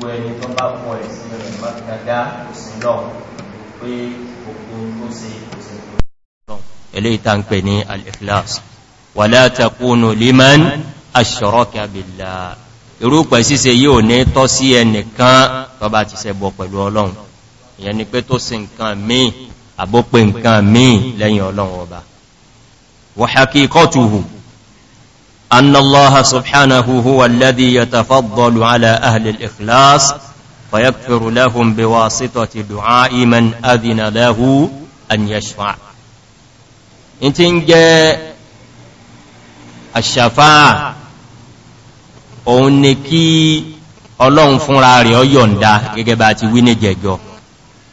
gbogbo ẹni tó bá pọ̀ ẹ̀sìn rẹ̀ mọ́kàndá òsìn lọ́wọ́ pé gbogbo tó ṣe òsìn tó lọ́wọ́ eléyìí tá ń pè ní al-ikhlas wala takunu liman ashraka billah irúpẹ̀ ṣíṣe yíò ní tọ́ sí ẹnìkan tó bá ti ṣẹbọ pẹ̀lú ọlọ́run ìyẹn ni pé tó sì nǹkan míì àbópe nǹkan míì lẹ́yìn ọlọ́run ọba wa haqiqatuhu أن الله سبحانه هو الذي يتفضل على أهل الإخلاص فيكفر لهم بواسطة دعاء من أذن له أن يشفع انت الشفاء، الشفاعة òun ni kí ọlọ́run fúnra rẹ̀ ọ yọ̀nda gẹ́gẹ́ bá ti wí ní jẹjọ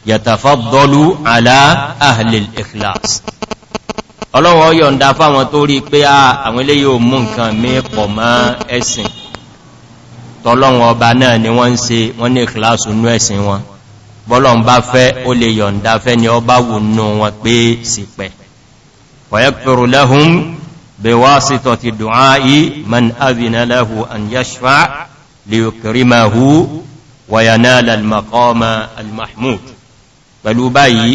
yàtàfà dọ́lú àlá ahlil ikhlas ọlọ́wọ́ yọ̀nda fáwọn tó rí pé ah, àwọn ilé yóò mú nǹkan mí pọ̀ mọ́ ẹ̀sìn tọ́lọ́wọ́ ọba náà ni wọ́n ń se wọ́n ní ìkìláàsù nú ẹ̀sìn wọn bọ́lọ̀n bá fẹ́ ó lè yọ̀nda fẹ́ ni ọba wù nú wọn pé sì pẹ̀ pẹ̀lú báyìí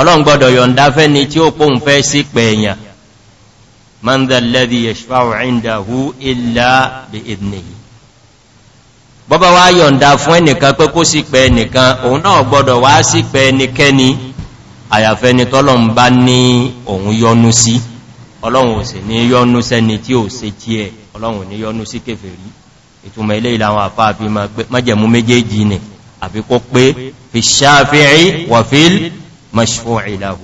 ọlọ́run gbọ́dọ̀ yọ̀nda fẹ́ ni tí ó pòun fẹ́ sí pẹ̀ẹ̀yàn mandalẹ́dì yashfa'u indahu illa bi idnihi bọ́bá wá yọ̀nda fún ẹnìkan pé kó sí pẹ̀ ẹnìkan òun náà gbọ́dọ̀ wá sí pẹ̀ ni tọ́lọ̀n bá ní òun yọnu sí ọlọ́run ò sì ní ni àfikó pé fi ṣáfíì مشفوع له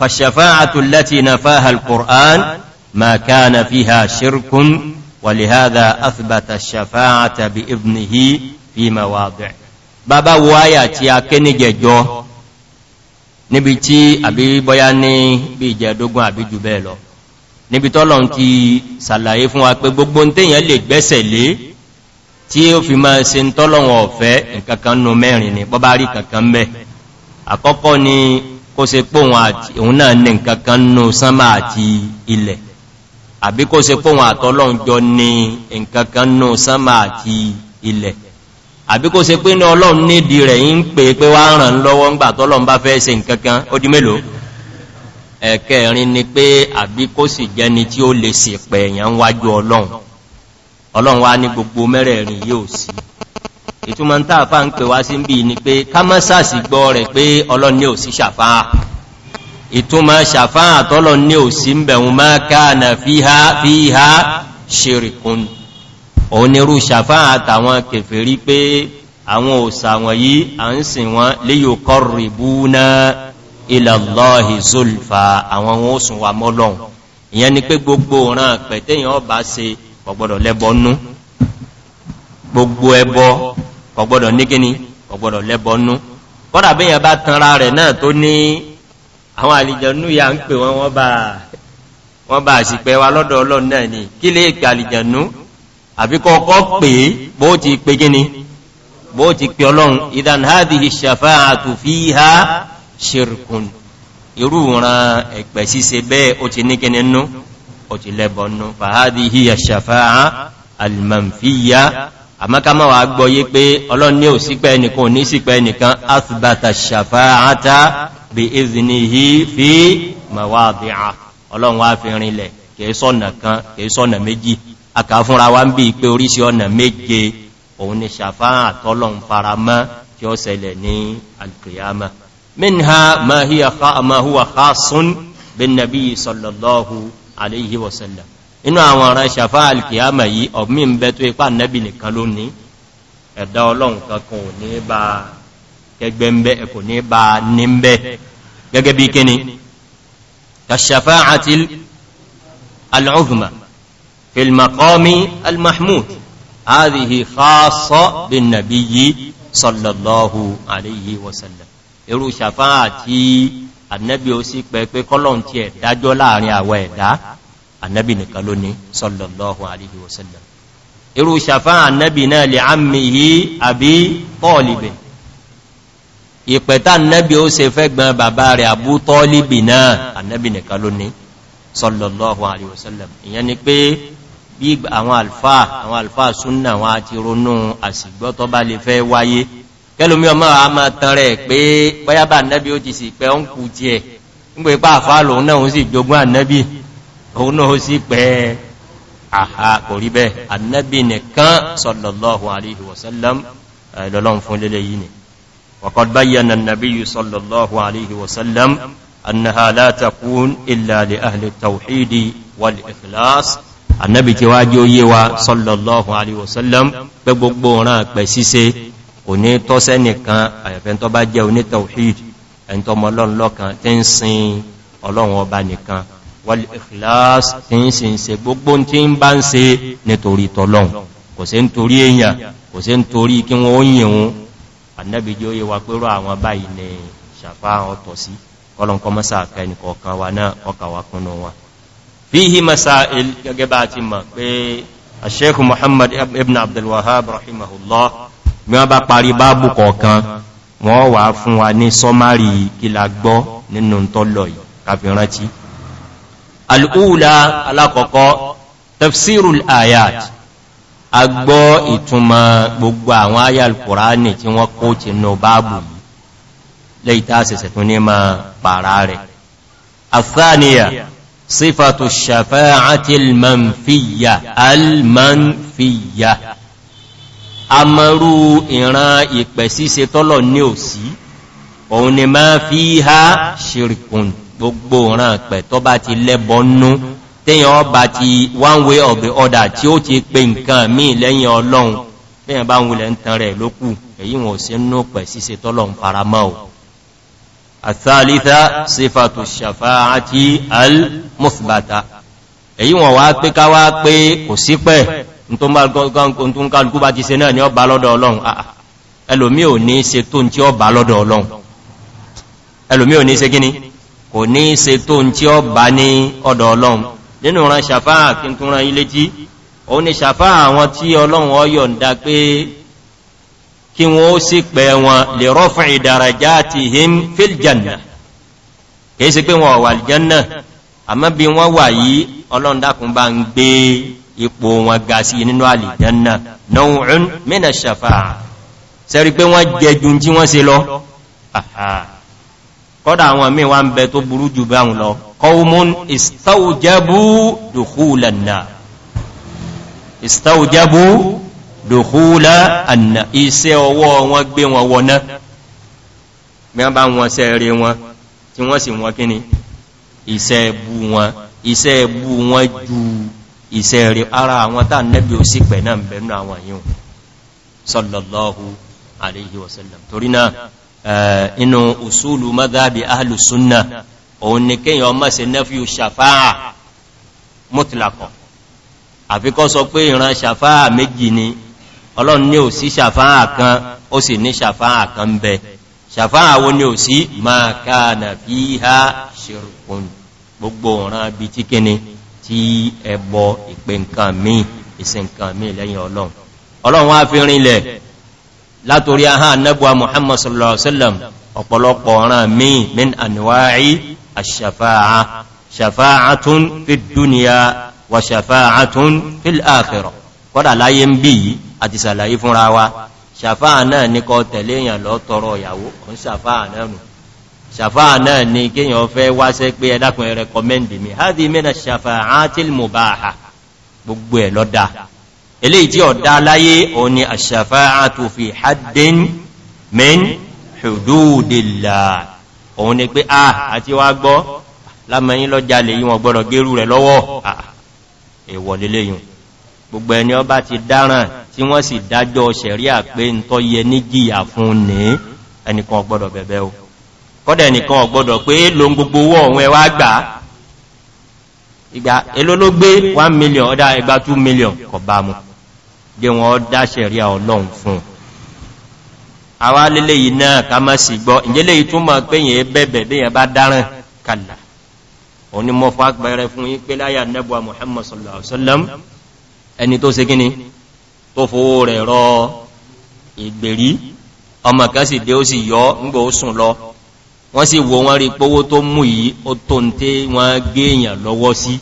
فالشفاعة التي نفاها القرآن ما كان فيها شرك ولهذا أثبت الشفاعة بإذنه في مواضع bàbá wo áyà tí a ké ní jẹjọ níbi tí àbí bọ́yá ní bí ìjẹ̀dógún àbí jù bẹ́ẹ̀ lọ níbi tọ́lọ̀ ti sàlàyé fún wa pé gbogbo ń tèyàn lè gbẹ́sẹ̀ lé tí ó fi máa ṣe ń tọ́lọ̀wọ̀n ọ̀fẹ́ nǹkankan nù mẹ́rin ni bọ́bá rí kankan mẹ́ àkọ́kọ́ ni kó se pòun òun náà ní nǹkankan nù sánmà àti ilẹ̀ àbí kó se pòun àtọ́lọ́njọ ní nǹkankan nù sánmà àti ilẹ̀ àbí kó se pé ní ọlọ́run nídi rẹ̀ ń pè pé wá ràn lọ́wọ́ ńgbà tọ́lọ́run bá ni pé àbí kó sì jẹni tí ó lè sì pẹ̀ẹ̀yàn wájú ọlọ́run ọlọ́run wá ní gbogbo mẹ́rẹ̀ẹ̀rin yóò sí ìtumọ̀ ń tàà fà ń pè wá sí bí ní pé ká mọ́ sàsì gbọ́ rẹ̀ pé ọlọ́run ní ò sí ṣàfáà ìtumọ̀ ṣàfáà tọ́lọ ní ò sí ń bẹ̀rún má káànà fíhá fíhá ṣerìkún àwọn òsà wọ̀nyí à ń sìn wọn léyò kọrìbú ná ìlàlọ́hì zulfa àwọn ohun ó sùn wà mọ́lọ́un ìyẹn ni pé gbogbo òran pẹ̀tẹ́yàn ọba se kò gbọ́dọ̀ lẹ́bọ nú gbogbo ẹbọ kò gbọ́dọ̀ ní kíní kò gbọ́dọ̀ lẹ́bọ nú kọ́dà bí yẹn bá tanra rẹ̀ náà tó ní àwọn àlìjànú ya ń pè wọ́n bá àṣìpẹ́ wa lọ́dọ̀ ọlọ́run náà ni kí lè pè àlìjànú àbí kọ́kọ́ pè bó ti pè kíní idan hadhihi shafa'atu fiha shirkun irú ìran ẹ̀pẹ̀ ṣíṣe bẹ́ẹ̀ ó ó ti lẹ́bọnú fàhádì híyà ṣàfáà almanfiya àmákàmà wà gbọ́yé pé ọlọ́ni ò sípẹ́ ẹnìkan ò ní sípẹ́ ẹnìkan asibata ṣàfáàta bí iznihi fi mawadi'a ọlọ́run wá fi rinlẹ̀ kìí sọ́nà kan kìí sọ́nà méjì aka fúnra wá ń bí pé oríṣi ọ̀nà méje òun ni ṣàfáà tọ́lọ́run faramọ́ tí ó ṣẹlẹ̀ alayhi wa sallam inú àwọn ará ṣàfá alkiyama yìí ọ̀mí ń bẹ́ tó ipá nẹ́bì nìkan ló ní ẹ̀dá ọlọ́run kankan ò ní bá kẹgbẹ́ ń bẹ́ ẹ̀kò ní bá ní ń bẹ́ gẹ́gẹ́ bí kíni kàṣàfá àti al'uzma annabi ó sì pẹ́ pé kọ́lọ̀n tí ẹ̀ dájọ́ láàrin àwọ̀ ẹ̀dá annabi nìkan ló ní sallallahu alaihi wasallam irú ṣàfá annabi náà lè ammihi àbí tọ́ọ̀lìbẹ̀ ìpẹ̀ta annabi ó se fẹ́ gbọ́n bàbá rẹ̀ àbú tọ́ọ̀lìbì náà annabi nìkan ló ní sallallahu alaihi wasallam ìyẹn ni kẹlùmí ọmọ a máa tán rẹ̀ pé báyábà nẹ́bí ó ti sì pẹ́ ń kù tí ẹ̀ nígbò ipá àfáà lòun náà ó sì jogún ànẹ́bí òun náà ó sì pẹ́ àhà kò rí bẹ́ ànẹ́bí nìkan sọ̀lọ̀lọ́hùn àríhì wọ̀sẹ́lẹ́m lọ́lọ́run fún lélẹ̀ yìí ni wọ̀kọ́d báyẹn nàbí yìí òní tọ́sẹ́ nìkan àyàfẹ́ tó bá jẹ́ oní tawhid ẹni tó mọ́ ọlọ́run lọ́kan tí ń sin ọlọ́run ọba nìkan wal ikhlas tí ń sin se gbogbo tí ń bá ń ṣe nítorí tọ́lọ́run kò sí ń torí èyàn kò sí ń torí Sheikh Muhammad ibn Abdul Wahab, rahimahullah bí wọ́n bá parí báàbù kọ̀ọ̀kan wọ́n wà fún wa ní sọ́márì kílà gbọ́ nínú tọ́lọ̀ yìí kàfí rántí al'ula alákọ̀ọ́kọ́ tafsirul ayat a gbọ́ ìtumọ̀ gbogbo àwọn ayà alkùránì tí wọ́n kó ti nọ báàbù yìí lẹ́ìtà àmọ̀rú ìran ìpẹ̀ síse tọ́lọ̀ ní òsí òun ni máa fi ha ṣirikùn gbogbo ìran pẹ̀ tọ́ bá ti lẹ́bọnú tíyàn ọba ti one way of the order tí ó ti pe nǹkan míì lẹ́yìn ọlọ́run tíyàn bá ń wulẹ̀ ń tan rẹ̀ lókù èyí wọn ò sí nú pẹ̀ síse tọ́lọ̀ ń faramọ́ Ah, ah. tó ń kálukú bá ti ṣe náà ni ọ bá lọ́dọ̀ ọlọ́run ẹlòmí ò ní ṣe tó ń tí ọ bá lọ́dọ̀ ọlọ́run ẹlòmí ò ní ṣe kíní kò ní ṣe tó ń tí ọ bá ní ọdọ̀ ọlọ́run nínú ran ṣàfáà kí n tún ran ilé tí òun ni ṣàfáà àwọn tí ọlọ́run ọyọ̀ ń dá pé kí wọ́n ó sì pẹ̀ wọn lè rọ́fún ìdàràjá ti him fíljanna kìí sí pé wọn wà lìjanna àmọ́ bí wọ́n wà yìí ọlọ́run dákùn bá ń gbé ipò wọn ga sí nínú àlìjánná náwùn mẹ́nà ṣàfàà sẹ́rí pé wọ́n jẹjú tí wọ́n se lọ kọ́dà àwọn míì wá ń bẹ tó burú jù bá ń lọ kọ́wùmún ìstáwùjẹ́bú dùkúlà ànà iṣẹ́ ọwọ́ wọn gbé wọn wọná mẹ́wọ́n bá wọn sẹ́rẹ̀ wọn tí wọ́n sì wọn kíni iṣẹ́ ẹbú wọn iṣẹ́ ẹbú wọn jù iṣẹ́ rí ara àwọn tàà nẹ́bí ó sì pẹ̀ náà bẹ̀rún àwọn yíò sallallahu alayhi wasallam torí náà inú usulu madhabi ahlus sunna òun ni kíyàn ọmọ sí nẹ́fíù shafa'a mutlaqan àfikọ́ sọ pé ìran shafa'a méjì ni ọlọ́run ní ò sí shafa'a kan ó sì ní shafa'a kan bẹ ni ò sí ma tí ẹbọ ìpe nǹkan míì ìsìn nǹkan míì lẹ́yìn ọlọ́run ọlọ́run wá fi rinlẹ̀ látorí ahá annabuwa muhammad sallallahu alaihi wasallam ọ̀pọ̀lọpọ̀ ọ̀ràn míì min anwa'i ash-shafa'a shafa'atun fi dunya wa shafa'atun fi al-akhirah kódà láyé ń bí àti sàlàyé fúnra wa shafa'a náà ní kọ tẹ̀lé èèyàn lọ ìyàwó òun shafa'a náà ṣàfáà náà ni kíyàn fẹ́ wáṣẹ́ pé ẹdákùn rẹ̀kọ́mẹ́ndì mi hádí mẹ́nà ṣàfáà tí mò bá ha gbogbo ẹ̀ lọ́dá ilé tí ọ̀dá aláyé òun ni àṣàfáà tó fi haddin min hududilla òun ni pé ah, a àti wá gbọ́ lámẹ́yìn lọ́jà lè yíwọ̀n gbọ́rọ̀ gẹ́rù rẹ̀ lọ́wọ́ ah, ah. èwọ̀lélẹ́yìn gbogbo kọ́dẹ̀ nìkan ọ̀gbọ́dọ̀ pé lo gbogbo owó ọ̀hún ẹwà gbà ìgbà elólógbé 1 million ọdá ẹgbà 2 million kọ̀ bá mú gẹ wọn dáṣẹ̀ rí ọlọ́run fún àwá lélé yìí náà ká má sì gbọ́ ìjẹ́lé yìí túnmọ̀ pé yẹn bẹ̀bẹ̀ bí yẹn bá dáràn kàlà òní mọ́ fún agbẹ̀rẹ̀ fún yí pé láyà nẹ́bùwa muhammad sallallahu alaihi wasallam ẹni tó se gíní tó fowó rẹ̀ rọ ìgbèrí ọmọ kan sì dé ó sì yọ ń gbò ó sùn lọ wọ́n sì wo wọ́n rí pówó tó mú yìí ó tó ń tí wọ́n gé èyàn lọ́wọ́ sí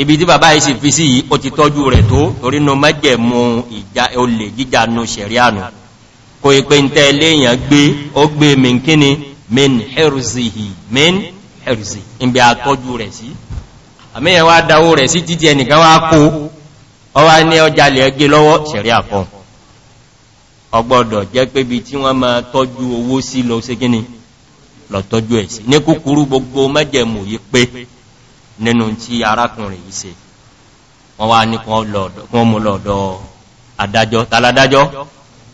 ibi tí bàbá ìsì fi sí yìí ó ti tọ́jú rẹ̀ tó torínú mẹ́jẹ̀mú ìjà olè jíjà nù sẹ̀ríànù kò ìpé ń tẹ́ léèyàn gbé ó gbé minkini min herzihi min herzi ibi àtọ́jú rẹ̀ sí àmìyàn wá dáwó rẹ̀ sí jẹ́ pé bí tí wọ́n máa tọ́jú owó sí lọ sí gíní lọ́tọ́jú ẹ̀sì ní kúkúrú gbogbo mẹ́jẹ̀mù yí pé nínú tí arákùnrin yìí ṣe wọ́n wá ní kan mú lọ́dọ̀ adájọ́ tàládájọ́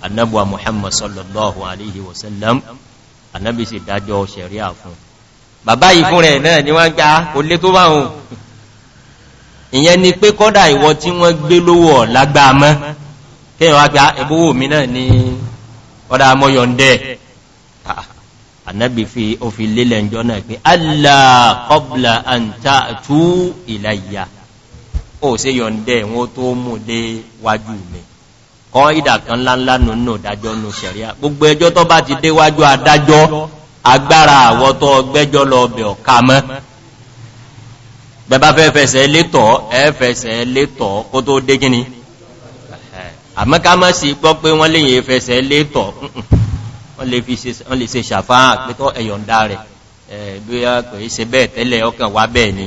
annabuwa muhammad sallallahu alaihi wasallam annabi sì dájọ́ sẹ̀ríà fún bàbá yìí fún rẹ̀ náà ni wọ́n gbá kò lé tó bá hùn ìyẹn ni pé kọ́dà ìwọ tí wọ́n gbé lówó lágbàmọ́ kí wọ́n gbá ẹbówò mi náà ni ọ̀dà mọ́yọ̀ndẹ́ annabi fi ofi lílẹ̀ ìjọ náà pé allah qabla an ta'tu ilayya ó ṣe yọ̀ndẹ̀ wọn tó mú dé wájú mi kọ́ ìdàkan ńláńlá nínú ìdájọ́ nù sẹ̀ríà gbogbo ẹjọ́ tó bá ti dé wájú adájọ́ agbára àwọ́ tó gbẹ́jọ́ lọ bẹ̀ ọ̀ká mọ́ bẹba fẹ́ fẹsẹ̀ létọ̀ ẹ fẹsẹ̀ létọ̀ kó tó dé gíní àmọ́ká mọ́ sí gbọ́ pé wọ́n léyìn fẹsẹ̀ létọ̀ wọ́n lè ṣe ṣàfáà pẹ́tọ́ ẹ̀yọ̀ǹda rẹ̀ bóyá kò yí ṣe bẹ́ẹ̀ tẹ́lẹ̀ ọkàn wá bẹ́ẹ̀ ni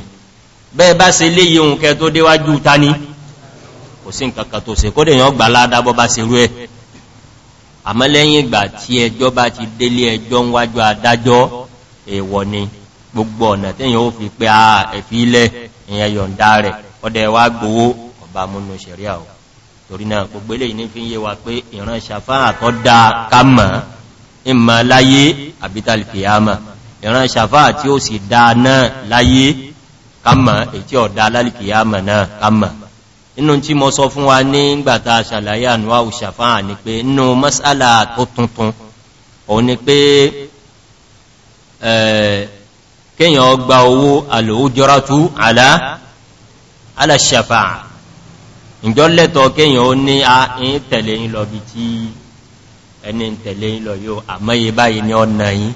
bẹ́ẹ̀ bá ṣe léyìí ohun kẹ tó déwájú ta ní kò sí nǹkankan tó ṣe kódè yàn gbà ládábọ́ bá ṣe rú ẹ̀ ni gbogbo ọ̀nà tẹ́yìn ó fi pé ẹ̀fí ilẹ̀ ìyẹn yọ̀ǹda rẹ̀ ọdẹ wá gbowó ọba múnú torí náà gbogbo eléyìí ní fi ń yé wa pé ìran ṣàfáà tó dáa ká mọ̀ ìmà láyé àbítàlìkìyàmà ìran ṣàfá tí ó sì dá náà láyé kàmà ètí ọ̀dá lálìkìyàmà náà kàmà inú tí mo sọ fún wa ní gbàta ṣàlàyé ànúwà òṣàfá ní pé inú masala tó tuntun o ni pé kíyàn ọgbà owó alòójọ́rátú alá alàṣàfà ìjọ́lẹ̀tọ̀ kíyàn ó ní a ń tẹ̀lé ìlọ̀bí ẹni tẹ̀lé ìlọ yóò àmọ́yé báyìí ní ọ̀nà yìí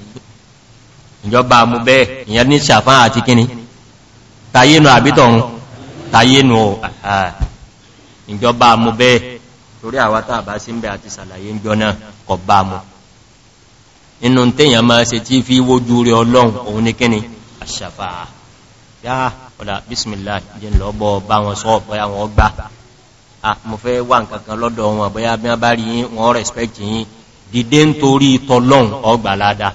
ìjọba mú bẹ́ẹ̀ ìyẹn ní sàfán àti kíni tayénu àbítọ̀run tayénu ìjọba mú bẹ́ẹ̀ torí àwátà bá sí ń bẹ́ àti sàlàyé ń jọna kọ bá mú inú tèyàn máa se bismillah jẹ́ lọ́bọ̀ bá wọn sọ ọ̀pọ̀ àwọn ọgbà mo fẹ́ wà nǹkankan lọ́dọ̀ wọn bóyá bí wọ́n bá rí wọ́n respect yìí dìde ń torí tọ́lọ́n ọgbàládá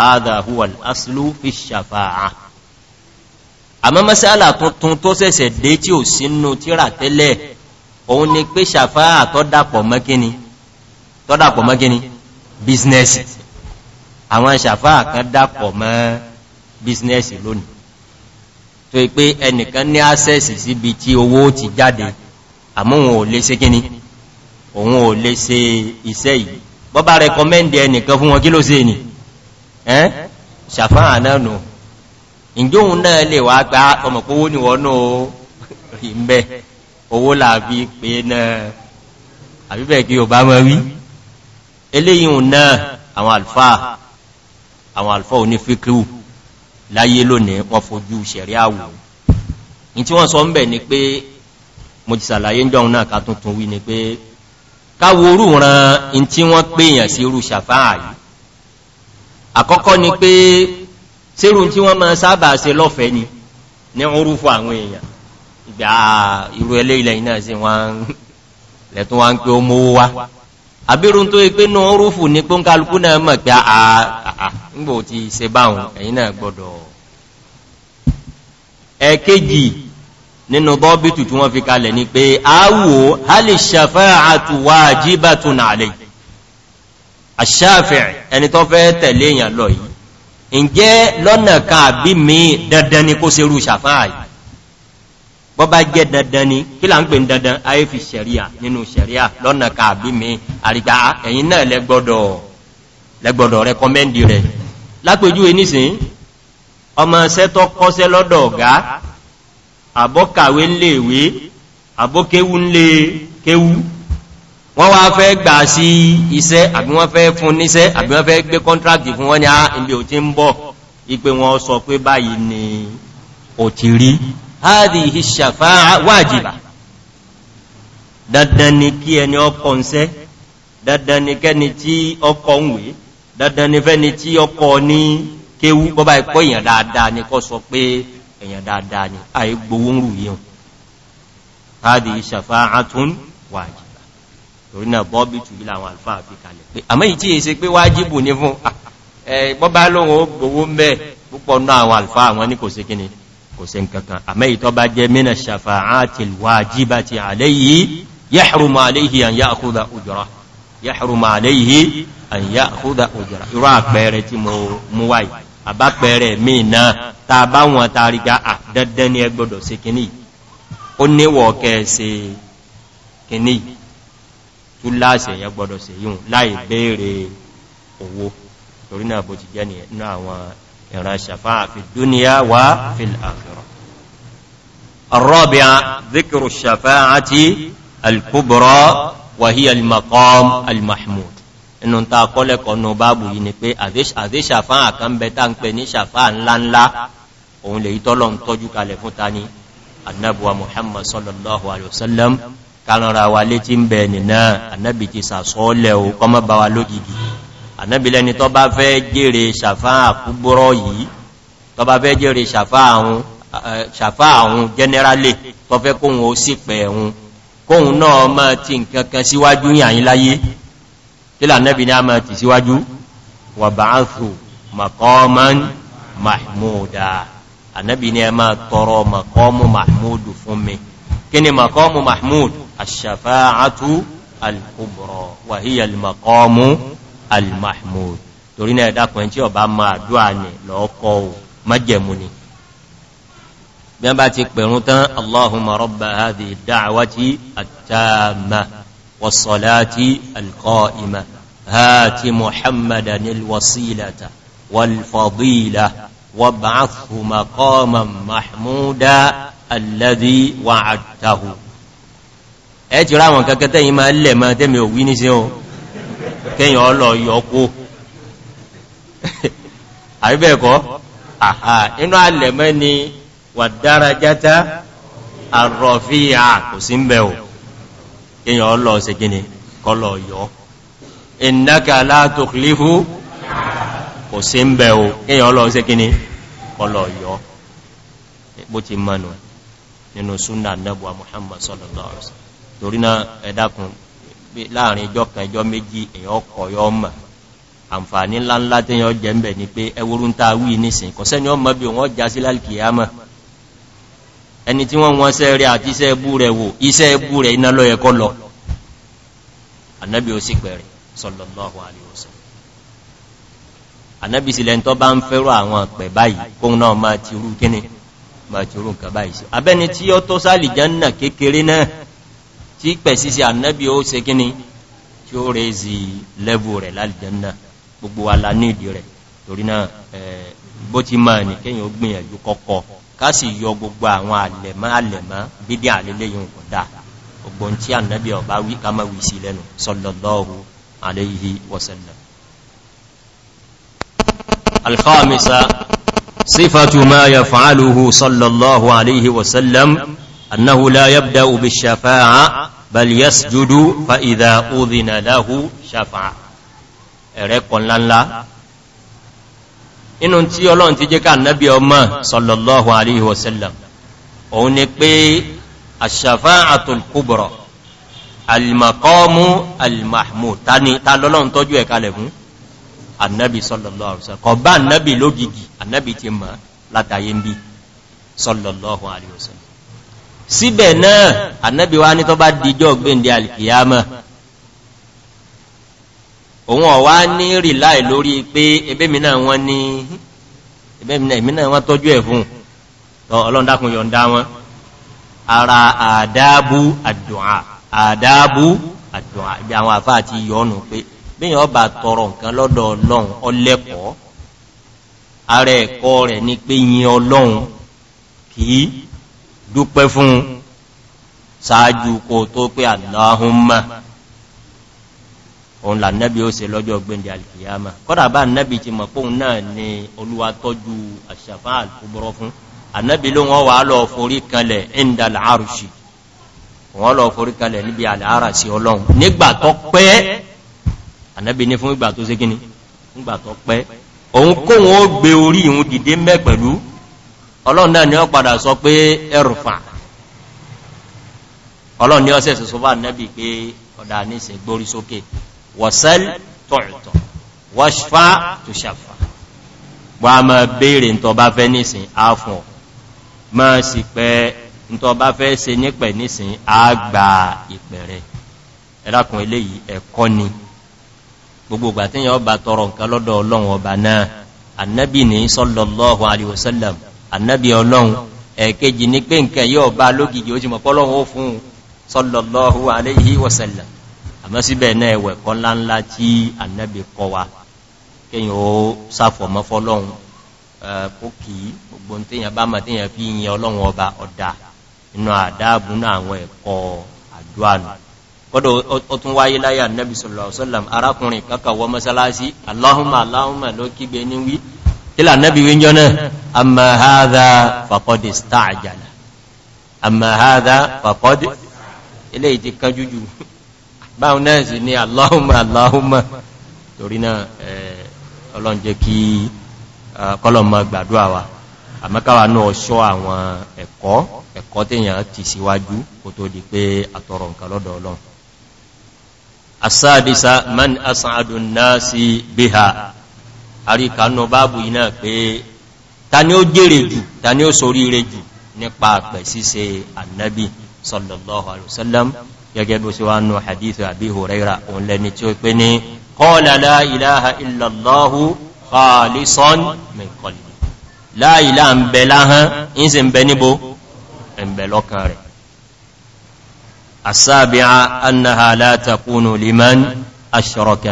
hádà huwa al'aslu fi ṣàfàá àmọ́ masala tuntun tó sẹ̀sẹ̀ dé tí ò sínú tíra tẹ́lẹ̀ òun ni pé ṣàfàá tọ́dàpọ̀ mọ́kíní tọ́dàpọ̀ mọ́kíní bísnẹ́sì àwọn ṣàfàá kan dàpọ̀ mọ́ bísnẹ́sì lónìí tó pé ẹnìkan ní access síbi tí owó ti jáde àmọ́ ò lè ṣe kíní òun ò lè ṣe iṣẹ́ yìí bọ́bá rẹkọmẹ́ndì ẹnìkan fún wọn kí ló ṣe ní ẹ́n ṣàfáà náà nù ìjóhun náà lè wá gbá ọmọ̀pówó ní wọ́n náà rí mẹ́ owó làbí pé náà àbíbẹ̀ kí o bá mọ́ rí eléyìn náà àwọn àlfáà àwọn àlfáà ò ní fíkíwù káworú ran in tí wọ́n pèèyàn sí irú ṣàfáà yìí àkọ́kọ́ ni pé sírun tí wọ́n máa sábà se ni ní orú àwọn èèyàn ìgbà irú ẹlẹ́ ilẹ̀ iná sí wọ́n lẹ́tún wá pé ó wá ipe tó ipé ní orú ní pé ń kálukú náà mọ̀ pé ti ṣe báhùn ẹ̀yìn náà gbọ́dọ̀ nínú bọ́bítù tí wọ́n fi kalẹ̀ ní pé áwò hálì ṣàfáàtù wajibatun alayhi àṣáàfẹ́ ẹni tó fẹ́ tẹ̀lé èyàn lọ yìí ǹjẹ́ lọ́nà kan àbí mi dandan ni kó ṣe rú ṣàfáà yìí bọ́ bá jẹ́ dandan ni kí là ń pè dandan ayé fi ṣẹ̀ríà nínú ṣẹ̀ríà lọ́nà ah, ọmọ ṣẹ́tọ́ kọ́ṣẹ́ lọ́dọ̀ ọ̀gá àbọ́kàwé ń lè wé àbókéwú ń lè kéwú wọ́n wá fẹ́ gbà sí iṣẹ́ àbí wọ́n fẹ́ fún níṣẹ́ àbí wọ́n fẹ́ gbé kọ́ntrakì fún wọ́n ní a ah, ibi ò ti ń bọ̀ ipé wọn sọ pé báyìí ni ò ti rí hadhihi shafa'a ni fẹ́ni tí ọkọ̀ ní kéwú bọ́bá ìpọ̀ èèyàn dáadáa ni kọ́ sọ pé èyàn dáadáa ni àì gbowó ń rù yíò hádìí ṣàfáàtún wàjìbà torí náà bọ́bí tùbí láwọn alfáà fi kalẹ̀ pé àmọ́ ìtí èsẹ pé wájìbù ní fún ah, bọ́bá lóhun ó gbowó mẹ́ púpọ̀ náà àwọn alfáà wọn ní kò sí kíni kò sí nkankan àmọ́ ìtọ́ bá jẹ́ mínà ṣàfáàtì wàjìbà ti àlẹ́yìí yẹ́hùrùmọ̀ àlẹ́yìí àn yá àkúdà òjòrà yẹ́hùrùmọ̀ àlẹ́yìí àn yá àkúdà òjòrà irú àpẹẹrẹ tí mo wáyìí àbápẹ̀ẹ̀rẹ̀ míì náà ta bá wọn tàrígá àdẹ́dẹ́ ní ẹgbọ́dọ̀ sí kìíní ó níwọ̀ kẹsẹ̀ kìíní tó láàṣẹ̀ ẹgbọ́dọ̀ sí yíò láì béèrè owó torí náà bó ti jẹ́ ní àwọn ìran ṣàfá fi dúníyà wá fil inú ta kọ́lẹ̀kọ́ nù báàbù yìí ni pé àdé ṣàfá àkánbẹ̀ta ń pẹ ní ṣàfá ńláńlá òun lè tọ́lọ̀ ń tọ́jú kalẹ̀ fún ta ní annabuwa muhammad sallallahu alaihi wasallam kanara wa létí ń bẹ̀ nìna annabi ti sàsọ́ọ́lẹ̀ o kọmọ bá wa lógigi annabi lẹni tọ́ bá fẹ́ jèrè ṣàfá àkúgbọ́rọ̀ yìí tọ́ bá fẹ́ jèrè ṣàfá àwọn generally kílà nẹ́bì ní a máa ti síwájú wà ba'athu maqaman mahmuda anẹ́bì ní a máa tọrọ maqamu mahmudu fún mi kí ni maqamu mahmud ash-shafa'atu al-kubra wa hiya al-maqamu al-mahmud torí náà dákùn tí ọba máa dúà ní lọ́ọ̀kọ́ májẹ̀mú ni bí wọ́n bá ti pẹ̀rún tán allahumma rabba hadhihi ad-da'wati at-tammah والصلاة القائمة هات محمدا الوسيلة والفضيلة وابعثه مقاما محمودا الذي وعدته ẹ̀tì ra wọn kankan tẹ́yìn máa lẹ̀ máa tẹ́mì òwú ní sí ohun kẹ́yìn ọlọ̀ yọkó àríbẹ̀ẹ̀kọ́ àhà inú alẹ̀mẹ́ ni wà dára játá àrọ̀fíà kò sí ń bẹ̀wò èyàn ọlọ́ ṣe gíní kọlọ̀ yọ́ ìnáka látò kìlífú kò sí ń bẹ̀ o èyàn ọlọ́ ṣe gíní kọlọ̀ yọ́ bó ti mọ́nà nínú súnà nẹ́bùwa muhammad sallallahu alaihi wasallam torí náà ẹ dákun láàrin ìjọ kan ìjọ méjì èyàn ọkọ̀ yọ ọmọ àǹfààní ńláńlá tí yọ jẹ́ ń ẹni tí wọ́n wọ́n sẹ́ rẹ̀ àti iṣẹ́ ẹbú rẹ̀ wò iṣẹ́ ẹbú rẹ̀ iná lọ ẹ̀kọ́ lọ anábi ó sì pẹ̀rẹ̀ sallallahu alaihi wasallam anábi sílẹ̀ tó bá ń fẹ́rọ àwọn pẹ̀ báyìí kóhun náà máa ti rú kíní máa ti rú nǹkan báyìí sí abẹ́ni tí ó tó sáàlì jẹ́nà kékeré náà tí pẹ̀ sí sí anábi ó se kíní tí ó rẹ̀ sí lẹ́bù rẹ̀ láàlì jẹ́nà gbogbo wa la ní ìdí rẹ̀ torí náà eh, bó ti máa nìkẹ́yìn ó gbìyànjú kọ́kọ́ ká sì yọ gbogbo àwọn àlẹ̀mọ́ àlẹ̀mọ́ bídí àlélẹ́yìn ọ̀dá gbogbo tí ànàbí ọ̀bá wí ká mọ́ wí sí lẹ́nu sallallahu alayhi wa sallam al-khamisa sifatu ma yaf'aluhu inú tí ọlọ́run ti jẹ́ ká nábi ọmọ sallallahu alaihi wasallam òun ni pé ash-shafa'atul kubra al-maqamu al-mahmud ta lọ́lọ́run tọ́jú ẹ̀ kalẹ̀ fún annabi sallallahu alaihi wasallam kọba annabi lógigi annabi ti ma látàyé ń bí sallallahu alaihi wasallam síbẹ̀ òun ọ̀wá ní rìláì lórí pé ebémìnà wọn ní ebémìnà wọn tọ́jú ẹ̀ fún ọlọ́ndàkùn yọ̀ǹda wọn ara àdábú àdùnà àdábú àdùnà ibi àwọn àfáà ti yọ́nù pé bíyàn ọba tọrọ nǹkan lọ́dọ̀ ọlọ́run ọlẹ́kọ̀ọ́ ara ẹ̀kọ́ rẹ̀ ni pé yin ọlọ́run kìí dúpẹ́ fún ṣáájú kò tó pé Allahumma òun là nẹ́bí ó se lọ́jọ́ gbẹ́ndẹ̀ alìkìyàmà kọ́dà bá nẹ́bí ti mọ̀ pòun náà ni olúwa tọ́jú àṣàfá àkúbọ́rọ́ fún ànẹ́bí ló wọ́n wà lọ forí kanlẹ̀ ẹ̀ndà àrùsì wọ́n lọ forí kanlẹ̀ níbi àlàárà sí ọlọ́run nígbà tó pẹ́ ànẹ́bí ní fún ìgbà tó sé kíní nígbà tó pẹ́ òun kó wọn ó gbé orí ìhun dìde mẹ́ ni ó padà sọ pé ẹrùfà ọlọ́run ni ó sókè wọ̀sẹ́l tọ̀ọ̀tọ̀ wọ́ṣfà tó ṣàfà wọ́n a máa bèèrè ń tọba fẹ́ nísìn áfún ma sì pẹ́ ń tọba fẹ́ se nípẹ̀ nísìn àgbà ìpẹ̀rẹ̀ ẹ̀dàkùn eléyìí ẹ̀kọ́ ni gbogbo ìgbà ní pé nǹkan yóò bá lógìgì ó ti mọ̀ pọ́lọ́run ó fún sọ́lọ̀lọ́hùn àríwọ̀sẹ́lẹ̀m àmọ́ síbẹ̀ náà ẹwẹ̀ kọ́ ńláńlá tí annabi kọ wa kíyàn ó sáfọ̀mọ́ fọ́lọ́run kó kì í gbogbo tíyàn bá ma tíyàn fi yin ọlọ́run ọba ọ̀dá inú àdáàbù náà àwọn ẹ̀kọ́ àdúànù kọ́dọ̀ ó tún wáyé láyé annabi sallallahu arákùnrin kakawọ ilé ìdíkan jújù báhùn náà sì ní Allahumma Allahumma torí náà ọlọ́njẹ́ kí kọlọ̀mọ́ gbàdúwà wa àmọ́káwà náà ṣọ́ àwọn ẹ̀kọ́ ẹ̀kọ́ tèyàn ti síwájú kò tó di pé àtọrọ nǹkan lọ́dọ̀ Ọlọ́run man asàádùn náà sí bíhà àríkanú báàbù iná pé ta ni ó jèrè jù ta ni ó soríire jù nípa sallallahu alaihi wasallam gẹ́gẹ́ bí ó sì wá nù hadithu Abi Hurairah òun lẹni tí ó pé ní qala la ilaha illallahu khalisan min qalbi la ilaha ń bẹ láhán ń sì ń bẹ níbo ń bẹ lọ́kàn rẹ̀ as-sabi'a annaha la liman ashraka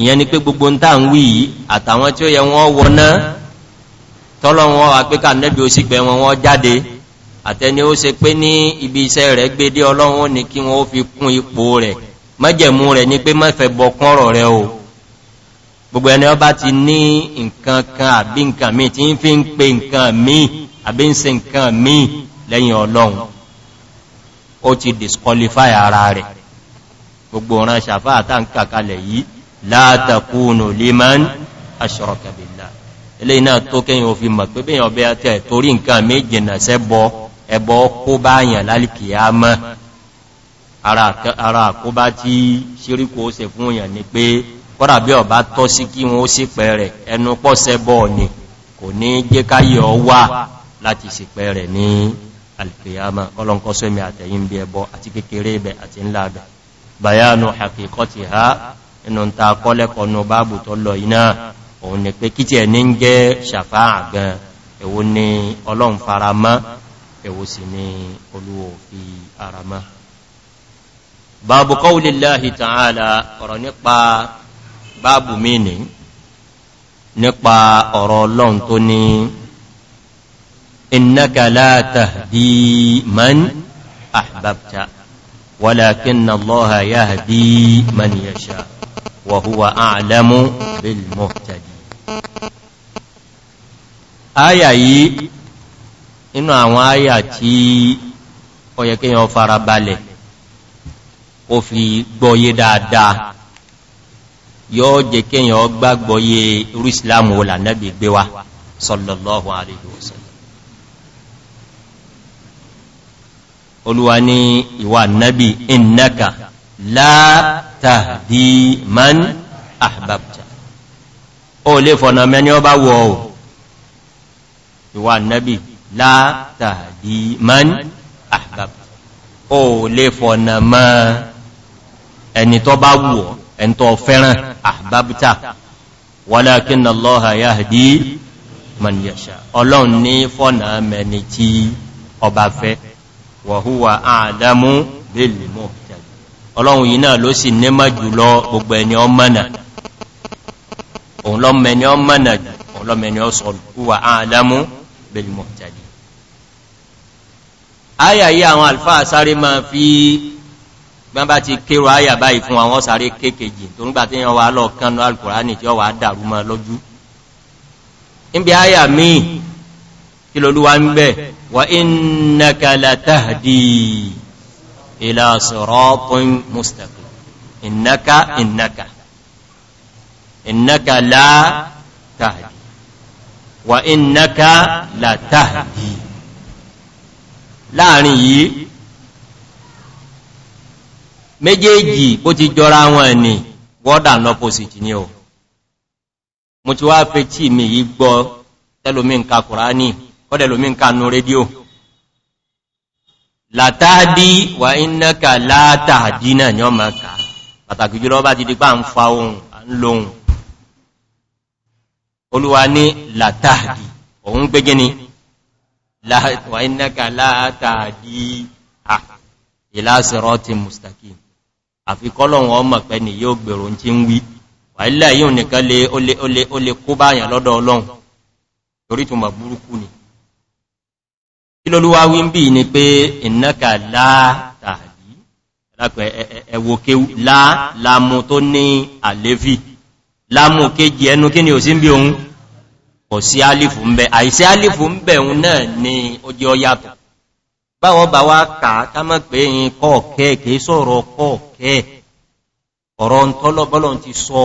ìyẹn ni pé gbogbo ń tàà ń wí yìí àtàwọn tí ó yẹ wọ́n wọná tọ́lọ́wọ́n wà pé ká nẹ́bí ó sì gbẹ wọn wọ́n jáde àtẹni ó se pé ní ibi iṣẹ́ rẹ̀ gbé dé ọlọ́run ní kí wọ́n ó fi kún ipò rẹ̀ mẹ́jẹ̀mú rẹ̀ ní pé mẹ́fẹ́ bọkọ́rọ̀ rẹ̀ o gbogbo disqualify ara rẹ̀ gbogbo ọ̀ràn ṣàfáà tá ń kàkalẹ̀ yìí látàkúnù liman aṣọ́rọ̀kà billah ilé iná tó kẹ́yìn òfin mọ̀ pé bíyàn ọbẹ̀ àti ẹ̀torí nǹkan méjì nà sẹ́bọ kó bá yàn lálìkìyàmọ́ ara kó bá tí ṣíríkò ó se fún yàn ni pé kọ́dà bí ọba tọ́ sí kí wọ́n ó sì pẹ̀rẹ̀ ẹnu pọ́ sẹ́bọ ni kò ní jẹ́ káyẹ ọ wà láti sì pẹ̀rẹ̀ ní alìkìyàmọ́ ọlọ́nkọ́sọ́mí àtẹ̀yìn bí ẹbọ àti kékeré ibẹ̀ àti ńlá bẹ̀ bayanu hakikọtiha inú ta kọ́lẹ́kọ̀ ní báàbù tó lọ iná òun ni pé kí tí ẹ̀ ní ń jẹ́ ṣàfá àgbọn èwo ni ọlọ́run faramá èwo sì ni olúwo fi aramá báàbù kọ́wùlélàhì tààlà ọ̀rọ̀ nípa báàbù mìíní nípa ọ̀rọ̀ ọlọ́run tó ní man ahbabta walakin وهو أعلم بالمهتدي Aya yìí inú àwọn aya tí ó yẹ kéèyàn farabalẹ̀ ó fi gbọ́yé dáadáa yóò jẹ kéèyàn gbàgbọ́yé irú Ìsìlámù wọ́la nẹ́bì gbé wa sallallahu alayhi tàbí man ahbabta o lè fọ̀nà mẹ́ni ọba wọ ọ̀ ìwà nẹ́bì la tàbí man ahbabta o lè fọ̀nà mọ́ ẹni tó bá wù ọ́ ẹni tó fẹ́ràn ahbabta walakin allaha yahdi man yasha ọlọ́run ní fọ̀nà mẹ́ni tí ọba fẹ́ wa huwa a'lamu bil muhtadin ọlọ́run yìí náà ló sì nímọ̀ jùlọ gbogbo ẹni ọmọ́nà òun lọ́mẹni ọmọ́nà òun lọ́mẹni ọsọ̀lúwà áàdámú belmọ̀ jàdì ayà yí àwọn alfáà sáré máa fi gbọ́n bá ti kéro ayà báyìí fún àwọn sáré kéèkèjì tó ń gbà tí yàn wà lọ kánú alkùránì tí ó wà dàrú mọ́ lójú níbi ayà míì kí lolúwa ń bẹ̀ wà ìnnàkàlà táàdìí ìlà sọ̀rọ̀tún mustaqim ìnáka ìnáka ìnáka látàdì wà ìnáka látàdì láàrin yìí méjèèjì bó ti jọra wọn ni wọ́dà lọ́pọ̀sìtì ní ọ̀ mo ti wá fẹ́ tí mi yìí gbọ́ tẹ́lómí kùránì kọ́dẹ̀lómí nǹka rédíò látàdí wà ináka látàdí náà ni ọ ma ká pàtàkì jùlọ bá ti dípá ń fa ohun lóhun olúwa ní látàdí òun gbégé ni wà ináka látàdí à ìlàsìrọ́ ti mustaki àfikọ́lọ̀wọ̀n ọmọ pẹ́ ni yóò gbèrò tí ń wí wà ilẹ̀ yíò nìkan lè kó báyàn lọ́dọ̀ ọlọ́run torí burúkú ni kí lólúwá wí ń bí ní pé ìnáka látàrí lápẹ ẹwòkéwú láàmù tó ní àléfì láàmù kéjì ẹnu kí ni ò sí ń bí ohun kò sí álìfù ń bẹ àìsí álìfù ń bẹ ohun náà ni ó jẹ́ ọyàtọ̀ báwọn bá wá kà ká mọ́ pé yìn kọ́ọ̀kẹ́ kìí sọ̀rọ̀ kọ́ọ̀kẹ́ ọ̀rọ̀ ń tọ́lọ́bọ́lọ́ ti sọ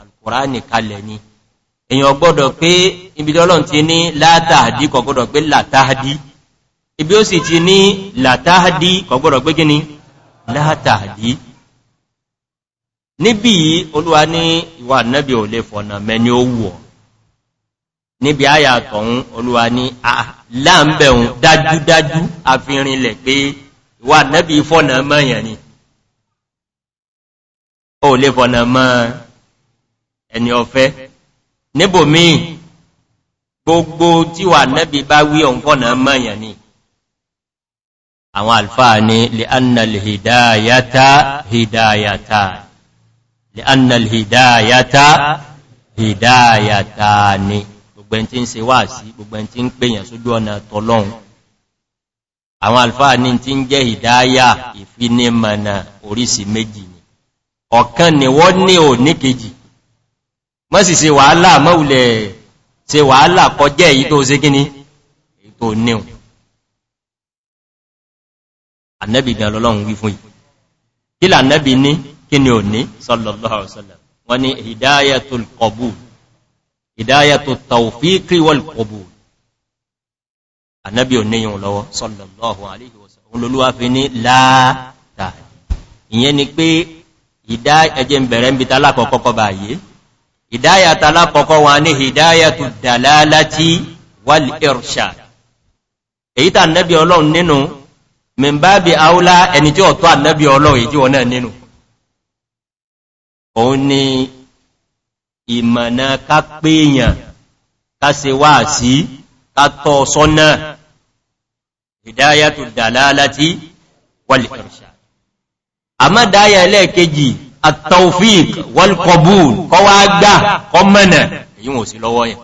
alkùránì kalẹ̀ ni èyàn gbọ́dọ̀ pé ibi tọ́lọ́ ti ní látàdí kọ̀gbọ́dọ̀ pé látàdí ibi ó sì ti ní látàádí kọgbọ́rọ̀ pé gíní látàádí níbi olúwa ní ìwà nẹ́bí ò lè fọ̀nà mẹ́ni ó wọ̀ níbi ayàtọ̀un olúwa ní láàmbẹ̀un dájúdájú àfihànlẹ̀ pé ìwà nẹ́bí fọ̀nà mẹ́yàn ni ó lè fọ̀nà mọ́ ẹni ọ̀fẹ́ níbòmí gbogbo tíwà nẹ́bí bá wí òun mẹ́yàn ni àwọn alfáà ni li'anna al-hidayata hidayata li'anna al-hidayata hidayata ni gbogbo ẹn tí ń ṣe wá sí gbogbo ẹn tí ń pèyàn sójú ọ̀nà tọ́lọ́un àwọn alfáà ní tí ń jẹ́ hidaya ìfinimọ̀nà oríṣi méjì ni ọ̀kan ni wọ́n ní ò ní kejì mọ́ sì ṣe wàhálà mọ́wulẹ̀ ṣe wàhálà kọjẹ́ èyí tó ṣe gíní èyí tó níhùn annabi gan lọ́lọ́run wí fún yìí kí là annabi ní kí ni ò ní sallallahu alaihi wasallam wọ́n ní hidayatul qabul hidayatut tawfiqi wal qabul annabi ò ní yìí lọ́wọ́ sallallahu alaihi wasallam òun lolúwa fi ní láàtà ìyẹn ni pé ìdá ẹjẹ́ bẹ̀rẹ̀ ń bi ta lákọ̀ọ́kọ́ báyé mẹ́bàbí aula ẹni tí ọ̀tọ́ ànẹ́bí ọlọ́run èjì wọn náà nínú òun ni ìmọ̀nà ká péèyàn ká se wá sí ká tọ́ sọ́nà ìdáyàtò dàlálátí wàlìkìrìṣà àmọ́dáyà ẹlẹ́ẹ̀kejì àtàufíìk wàlìkọbùl kọ́ wá gbà kọ́ mẹ́nà èyí wọ́n sí lọ́wọ́ yẹn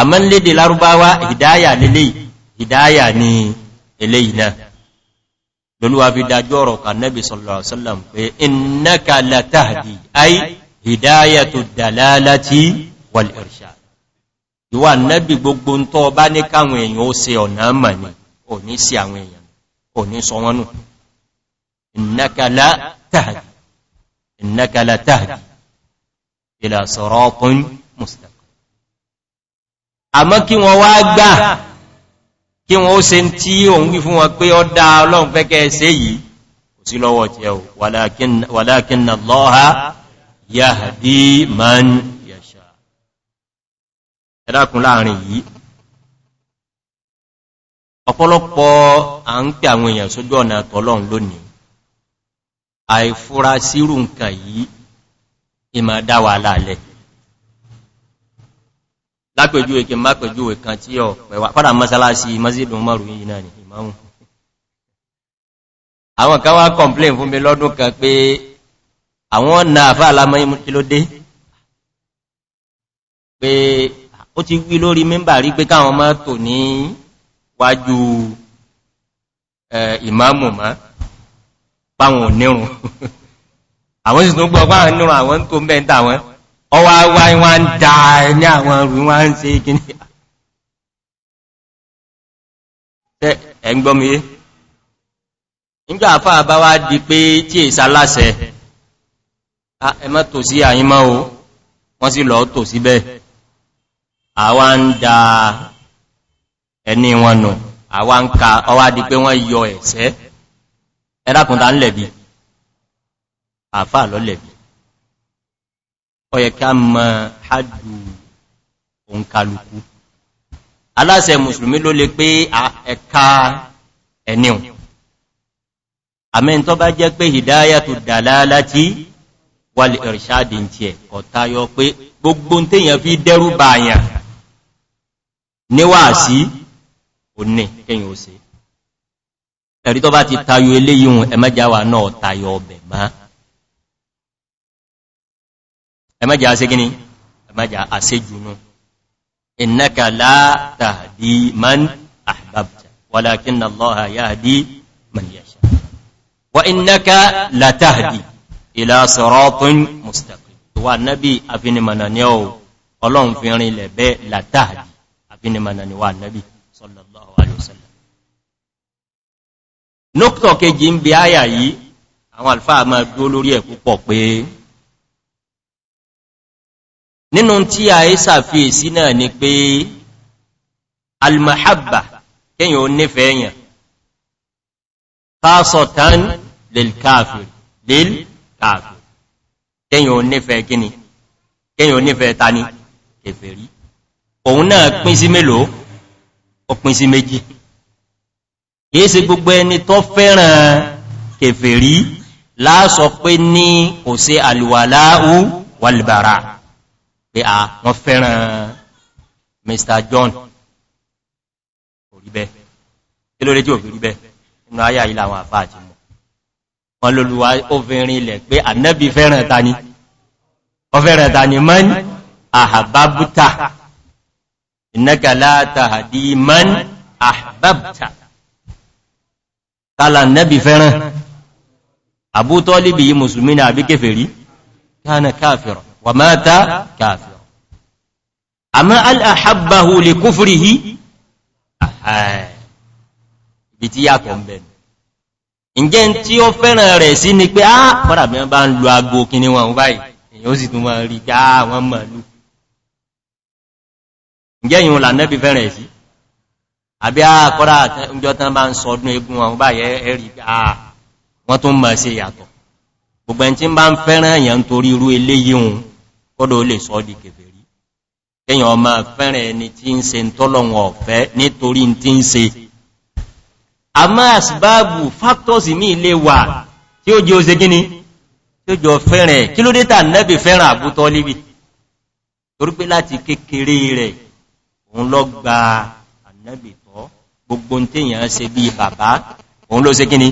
àmọ́ lédè lárúbáwá ìdáyà lélẹ́yìí ìdáyà ni eléyìí náà lọ́lúwà fi dájọ́ ọ̀rọ̀ kanẹ́bì sallallahu alaihi wasallam pé innaka latahdi ay hidayatu dalalati wal irshad ìwà nẹ́bì gbogbo ń tọ́ bá ní káwọn èèyàn ó ṣe ọ̀nà mà ní ò ní sí àwọn èèyàn ò ní sọ wọn nù innaka latahdi kí wọ́n ó se ń tí òun wí fún wọn pé ọ dá ọlọ́run fẹ́kẹ́ ṣe yìí kò sí lọ́wọ́ tí ẹ walakinna Allaha yahdi man yasha ẹ̀dàkùn láàrin yìí ọ̀pọ̀lọpọ̀ à ń pè àwọn èèyàn sójú ọ̀nà àtọ́lọ́run lónìí àìfúra sírù nǹkan yìí ìmọ̀ dáwà láàlẹ́ lápẹjúwe kí má pẹjúwe kan tí ọ pẹ̀wà padà mọ́sálásí masjidun maru yìí náà ni imamu àwọn kan wá complain fún mi lọ́dún kan pé àwọn na àfá alamọ́ imú kí ló dé pé ó ti wí lórí mẹ́mbà rí pé káwọn má tò ní wájú imamu má páwọn onírun àwọn sì tó gbọ́ páwọn onírun àwọn tó mẹ́ta wọn ọwà wà ìwà ń dà ní àwọn ọrùn wà ń ṣe kìí ẹgbọ́mìí nígbà àfáà bá wá di pé tí è sálásẹ̀ ẹmọ́ tò sí àyímọ́ o wọ́n sì lọ tò síbẹ̀ àwa ń da ẹni wọn nù àwa ń ka ọwá di pé wọ́n yọ ẹ̀sẹ́ ẹlákùntà ń lẹ̀bi àfáà lọ lẹ̀bi ọyẹ ká mọ̀ hajjù òǹkàlùkú aláṣẹ mùsùlùmí ló lè pé ẹ̀ka ẹ̀nìyàn àmẹ́ntọ́ bá jẹ́ pé hìdáyà tó dàlálá tí wà lè ìrìṣàdì tí ẹ̀ ọ̀ta yọ pé gbogbo tèyàn fi dẹ́rù bàyàn níwà sí òní kẹyìn ó se ẹ̀rí bá ti tayọ eléyìn ẹmẹ́jáwà náà tayọ ọbẹ̀ máa ẹmẹ́jà ṣe gíní ẹmẹ́jà àṣejùnú innaka la tahdi man ahbabta walakin allaha yahdi man yasha wa innaka la tahdi ila siratin mustaqim wa nabi afinimana ni o ọlọ́run fi rin ilẹ̀ bẹ́ la tahdi afinimana ni wa nabi sallallahu alaihi wasallam nukto kejì ń bi aya yìí àwọn nínú tí a yí sàfíèsí náà ni pé almahabba kíyàn ó nífẹ̀ẹ́ èyàn fásọ̀tán lèlkàfìr lèlkàfìr kíyàn ó nífẹ̀ẹ́ gíní kíyàn ó nífẹ̀ẹ́ tani kèfèrí òun náà pín sí mélòó ó pín sí méjì kìí sí gbogbo ẹni tó fẹ́ràn kèfèrí láàsọ pé ní kò sí alwàláhù pé à wọ́n fẹ́ràn Mr. John oríbẹ́ kí ló lé tí ò fi ríbẹ́ inú ayá ilá àwọn àfá àti mọ̀ wọn lóluwá obìnrin ilẹ̀ pé ànẹ́bí fẹ́ràn tani ọfẹ́ràn tani man àhàbábútà ìnẹ́kà látàdí man àhàbábútà tààlà ànẹ́bí fẹ́ràn àbútọ́líbì yí mùsùlùmí ní àbíkẹfẹ̀rí kánà káàfẹ́ràn wà كافر أما الأحبه لكفره al'ahabbahu lè kó fúrí hí ibi tí yàtọ̀ ń bẹ̀rẹ̀ ǹjẹ́ tí ó fẹ́ràn rẹ̀ sí ni pé á ah! pọ́dà bí wọ́n bá ń lo agbó kíní wọn báyìí èyàn ó sì tún wọ́n rí ká ah! wọ́n mọ̀ lú ǹjẹ́ yìí là nẹ́bí fẹ́ràn sí àbí á ah! kọ́dà ǹjọ́ tán bá ń sọdún egun gbogbo ẹni tí ń bá ń fẹ́ràn èyàn torí irú kọ́dọ̀ ó lè sọ di kèfèrí kíyàn ọmọ fẹ́rẹ̀ ẹni tí ń ṣe tọ́lọ̀wọ̀n ọ̀fẹ́ nítorí tí ń ṣe a máa síbáàbù factors ní ilé wà tí ó jẹ́ ó ṣe gíní tí ó jọ fẹ́rẹ̀ kí ló dẹ́ta nẹ́bì fẹ́ràn àbútọ́ líbi torí pé láti kékeré rẹ̀ òun lọ gba ànẹ́bì tọ́ gbogbo tíyàn ṣe bí bàbá òun ló ṣe gíní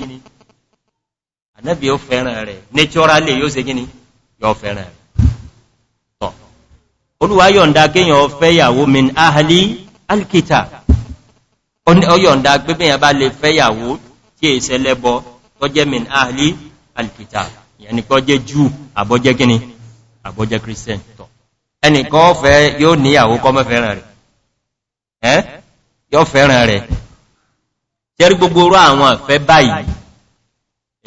ànẹ́bì ó fẹ́ràn rẹ̀ naturally yóò ṣe gíní yóò fẹ́ràn rẹ̀ olúwa yọ̀nda kéyàn fẹ́yàwó min ahli alkita ọyọ̀nda gbébẹ̀yàn bá lè fẹ́yàwó tí è sẹlẹ́bọ tó jẹ́ min ahali alkita ẹnìkan jẹ́ jù àbọ́jẹ́ kíni àbọ́jẹ́ christian tọ̀ ẹnìkan fẹ́ yóò níyàwó kọ́ mẹ́fẹ́ràn rẹ̀ yóò fẹ́ràn rẹ̀ tẹ́rí gbogbo orú àwọn àfẹ́ báyìí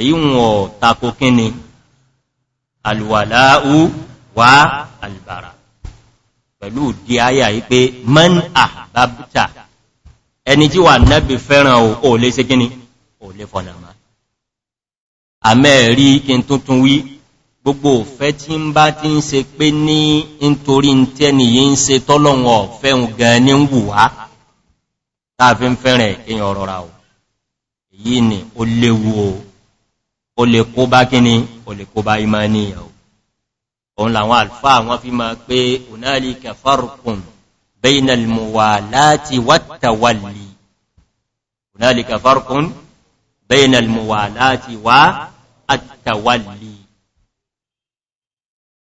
èyí wọn tako kíni alwàláú pẹ̀lú òdí ayà yìí pé man àbábítà ẹni tí wà nẹ́bì fẹ́ràn ò lè ṣe gíní ò lè fọ̀nàmá àmẹ́rí kí n tuntun wí gbogbo òfẹ́ tí ń bá ti ń ṣe pé ní nítorí tẹ́ni yìí ń ṣe tọ́lọ̀wọ̀n ọ̀fẹ́hun gan ní ń táàfin fẹ́rẹ̀ èyàn rọra ò èyí ni ó léwu o ó lè kó bá kíní ó lè kó bá ìmá níyàwó òun làwọn alfa wọn fi máa pé hunalika farqun bayna al-muwalati wat-tawalli hunalika farqun bayna al-muwalati wa at-tawalli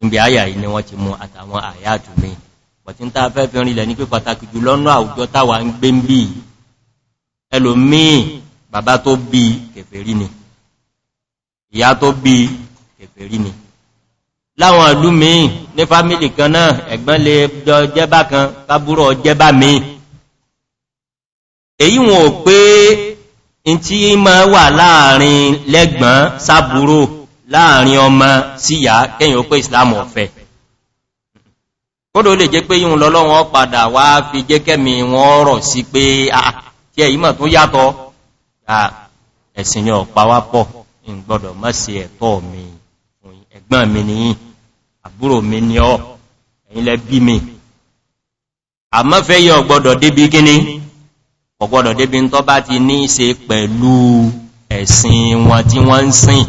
níbi àyà yìí ni wọ́n ti mú àtàwọn àyàtù mi bọ̀tí ń ta fẹ́ fi ní pé pàtàkì jù lọ́nà àwùjọ táwà ń gbé ń bí ẹlòmíì bàbá tó bí kèfèrí ni ìyá tó bí kèfèrí ni láwọn ìlú míì ní fámílì kan náà ẹ̀gbọ́n lè jọ jẹ́bá kan tábúrò jẹ́bá míì èyí wọn ò pé in tí ma wà láàrin lẹ́gbọ́n sábúrò láàrin ọmọ síyà kẹ́yìn ó pé ìsìlámù ọ̀fẹ́ kódò lè jẹ́ pé yíò lọ́lọ́wọ́ padà wá fi jẹ́ kẹ́mi wọn rọ̀ sí pé àti ah, èyí mọ̀ tó yàtọ̀ ah, ẹ̀sìn yọ pàwápọ̀ ìgbọ́dọ̀ mọ́ sí ẹ̀tọ́ mi ẹ̀gbọ́n mi ni àbúrò mi ni ọ́ ẹ̀yin lẹ bí mi àmọ́fẹ́ yẹ ọgbọ́dọ̀ débi gíní ọgbọ́dọ̀ débi ń tọ́ bá ti ní ṣe pẹ̀lú ẹ̀sìn wọn tí wọ́n ń sìn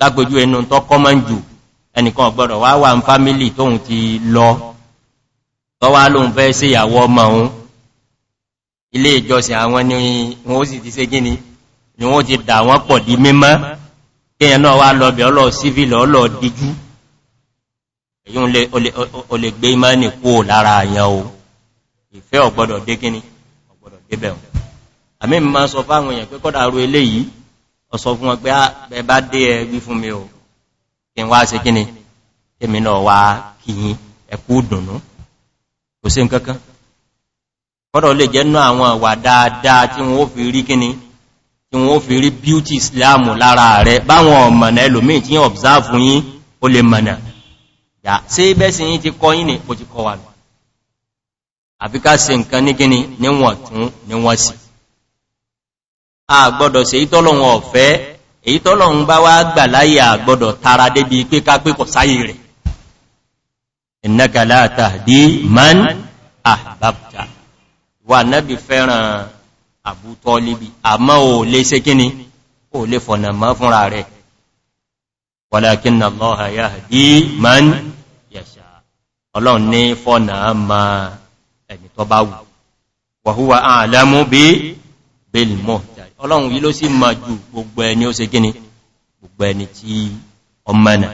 lágbójú ẹnu tọ́ kọ́mọ̀ jù ẹnìkan ọgbọ́dọ̀ wá wà ń fámílì tóhun ti lọ tọ́wá lóhun fẹ́ sí ìyàwó ọmọ òun ilé ìjọsìn àwọn ni wọ́n ti dà wọ́n pọ̀ di mímọ́ kéèyàn náà wá lọ ọlọ́ civil ọlọ́ díjú èyí o lè gbé imani kó lára àyàn o ìfẹ́ ọ̀gbọ́dọ̀ dé kíní ọ̀gbọ́dọ̀ débẹ̀ o àmì ma sọ fáwọn èèyàn pé kọ́dà ro eléyìí ọ̀sọ̀ fún ah, bá dé ẹgbí fún mi o kí wá sí náà wá kíyìn ẹkú kò sí nkankan kọ́dọ̀ lè jẹ́ náà àwọn àwà dáadáa tí wọ́n fi rí kíní tí wọ́n fi rí beauty islamu lára rẹ̀ báwọn ọmọ̀nà ẹlòmíì tí yẹn observe yín o lè mọ̀nà yà sí bẹ́sí yí ti kọ́ yí ní o ti kọ́ wà lọ àfíká se nǹkan ní gíní níwọ̀n tún níwọ̀n sí a gbọ́dọ̀ sí ìtọ́lọ̀wọ̀n ọ̀fẹ́ èyí tọ́lọ̀un bá wá gbà láyé àgbọ́dọ̀ tara débi pé ká pé kọ̀ sáyé rẹ̀ ìnagàlá àtàdí man àbábta wà nábi fẹ́ràn àbútọ́líbi àmọ́ ò lè ṣe kíni ò lè fọ̀nà mọ́ fúnra rẹ̀ walakinna Allaha yahdi man yasha ọlọ́run ní fọ́nà ma ẹni tó bá wù wa huwa a'lamu bí bil muhtadi ọlọ́run yí ló sì ma ju gbogbo ẹni ó ṣe kíni gbogbo ẹni tí ọmọnà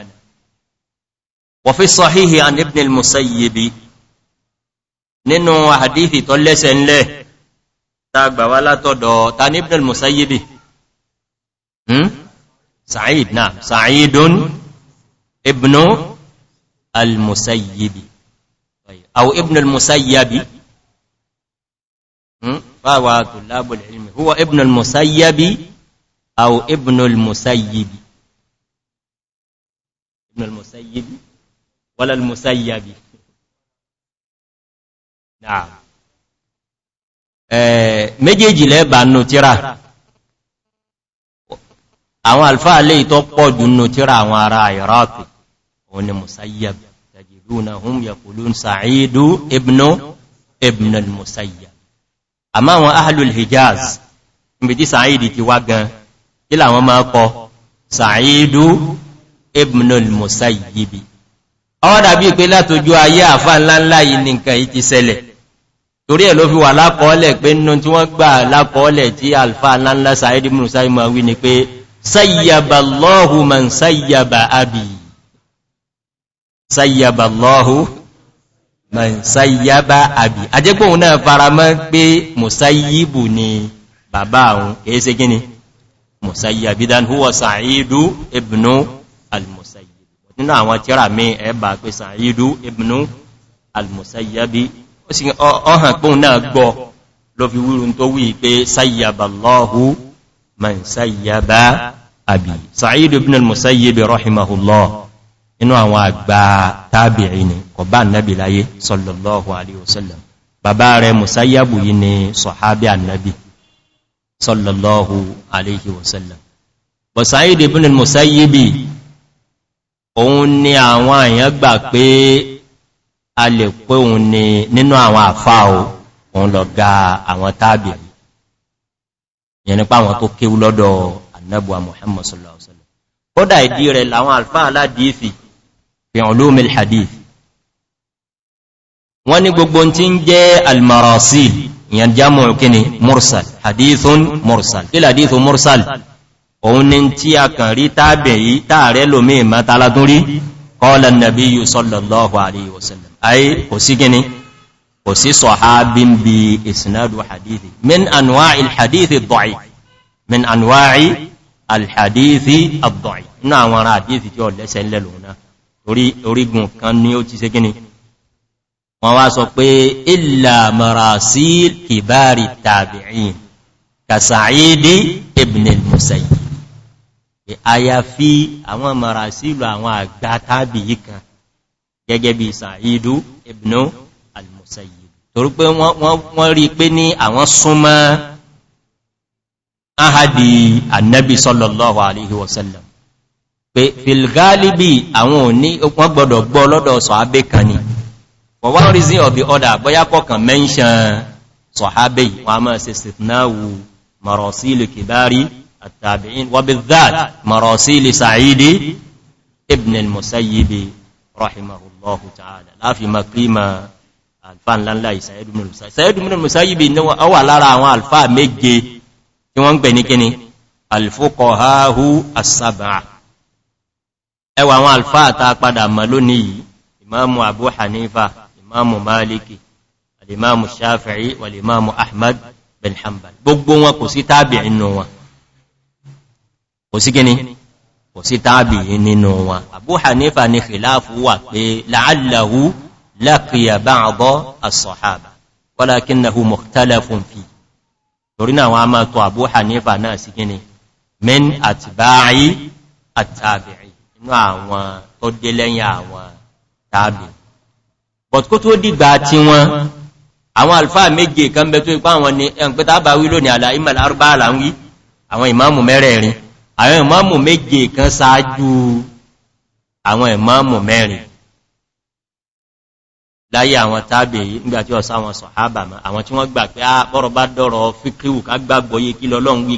wa fi sahihi musayyibi nínú hadithi tó lẹ́sẹ̀ ńlẹ̀ ta gbà wá látọ̀dọ̀ ta ní ibn al-musayyibi hmm? sa'id na sa'idun ibn al-musayyibi au ibn al-musayyabi hmm? fáwà tulabul ilmi huwa ibn al-musayyabi au ibn musayyibi ibn musayyibi wala al-musayyabi na'am méjèèjì lẹ́bà nù tíra àwọn alfáà lè tó pọ̀jù nù tíra àwọn ará iraq wọn ni musayyab tajiduna hum yaqulun sa'idu ibnu ibn al-musayyab àmá àwọn ahlul hijaz mbìtí sa'idi ti wá gan kí làwọn máa kọ sa'idu ibn al-musayyibi ọwọ́dà bí pé látojú ayé àfáà ńláńlá torí ẹ̀ ló fi wà lápọ̀ọ́lẹ̀ pé nínú tí wọ́n gbà lápọ̀ọ́lẹ̀ tí alfa aláńlá sàídì múrù sáìmọ̀ wí ni pé sayyaba allahu man sayyaba abi sayyaba allahu man sayyaba abi ajẹ́gbóhun náà faramọ́ pé musayyibu ni bàbá àwọn èése gíní musayyabidan huwa sa'idu ibnu al-musayyib nínú àwọn tíra mi ẹ̀bà pé sa'idu ibnu al-musayyabi ọ̀hàn pòun náà gbọ́ lọ fi wúrun tó wí pé sayyaballahu man sayyaba abi sa'id ibn al-musayyib rahimahullah inú àwọn àgbà tabi'i ni kò bá annabi láyé sallallahu alaihi wasallam bàbá rẹ̀ musayyabu yìí ni sahabi annabi sallallahu alaihi a lè pé òun ni nínú àwọn àfá o òun lọ ga àwọn tábì yẹn nípa àwọn tó kéwú lọ́dọ̀ annabuwa muhammad sallallahu alaihi wasallam kódà ìdí rẹ̀ láwọn alfa aládìífì fi olómi hadith wọ́n ní gbogbo tí ń jẹ́ almarasil ìyàn jámù kíni mursal hadithun mursal kí hadithun mursal òun ni tí a kàn rí tábì yìí táàrẹ lómi ìmọ́ta kọ́lá nàbí yìí sallallahu alaihi wasallam ayé kò sí gini kò sí sọ̀hábí ń bí ìsinádù hadithi min anwa'i alhadithi dọ̀ì min anwa'i alhadithi abdọ̀ì inú àwọn ará hadithi tí ó lẹ́sẹ̀ ń lẹ́lò náà orígun kan ní ó ti sé gini wọ́n wá sọ pé ìlà marasí kìbárì tàbí'in kàsàídì ibn al-musayyib àyàfi àwọn marasílù àwọn àgbà tàbí yìí kan gẹ́gẹ́ bí Sa'idu ibn al-Musayyib torí pé wọ́n rí pé ní àwọn súnmọ́ ahadi annabi sallallahu alaihi wasallam pé filgalibi àwọn òní wọ́n gbọ́dọ̀ gbọ́ lọ́dọ̀ sọ̀hábé kan ni for one reason or the other bóyá kọ̀kan mention sọ̀hábé wọ́n a máa ṣe sitnawu marasilu kibari at-tabi'in wa bi dhat Sa'idi ibn al-Musayyibi rahimahullahu ta'ala láàfin ma kíma alfáà ńláńlá ìsáyẹ́dù mìírànlù musáyìbì ní ọwà lára àwọn alfáà méje tí wọ́n ń pè ní kíni alfókọ̀háhú asábà ẹwà àwọn alfáà ta padà mọ̀ lónìí imamu abu hanifa imamu maliki alimamu shafi'i walimamu ahmad bin hanbal gbogbo wọn kò sí tábì inú wọn kò sí kíni kò sí tábì nínú wọn Abu Hanifa ní khilafu wà pé la'allahu laqiya ba'da as-sahaba walakinahu mukhtalafun fi torí náà wọ́n a máa tọ Abu Hanifa náà sí gíní min atba'i at-tabi'i inú àwọn tó dé lẹ́yìn àwọn tábì but àwọn ìmáàmù mẹ́rẹ̀ẹ̀rin àwọn ìmáàmù méje kan sáájú àwọn ìmáàmù mẹ́rin láyé àwọn tàbí nígbàtí ọ̀sá àwọn sọ̀hábà ma àwọn tí wọ́n gbà pé á ah, bọ́rọ̀ bá dọ́rọ̀ fíkíwù ká gbàgbọ́ yé kí lọ́lọ́run wí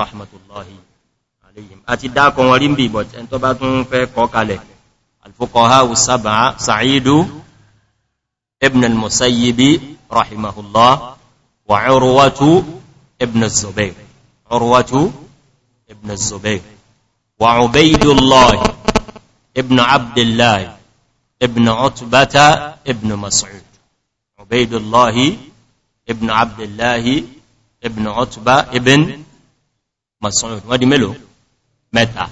rahmatullahi aléhìm àti dákọ̀ wọn rí ń bí ìbọ̀tẹ́ tó bá tún fẹ́ kọ́ kalẹ̀ الفقهاء السبعة سعيد ابن المسيب رحمه الله وعروة ابن الزبير عروة ابن الزبير وعبيد الله ابن عبد الله ابن عتبة ابن مسعود عبيد الله ابن عبد الله ابن عتبة ابن مسعود ودي ملو متى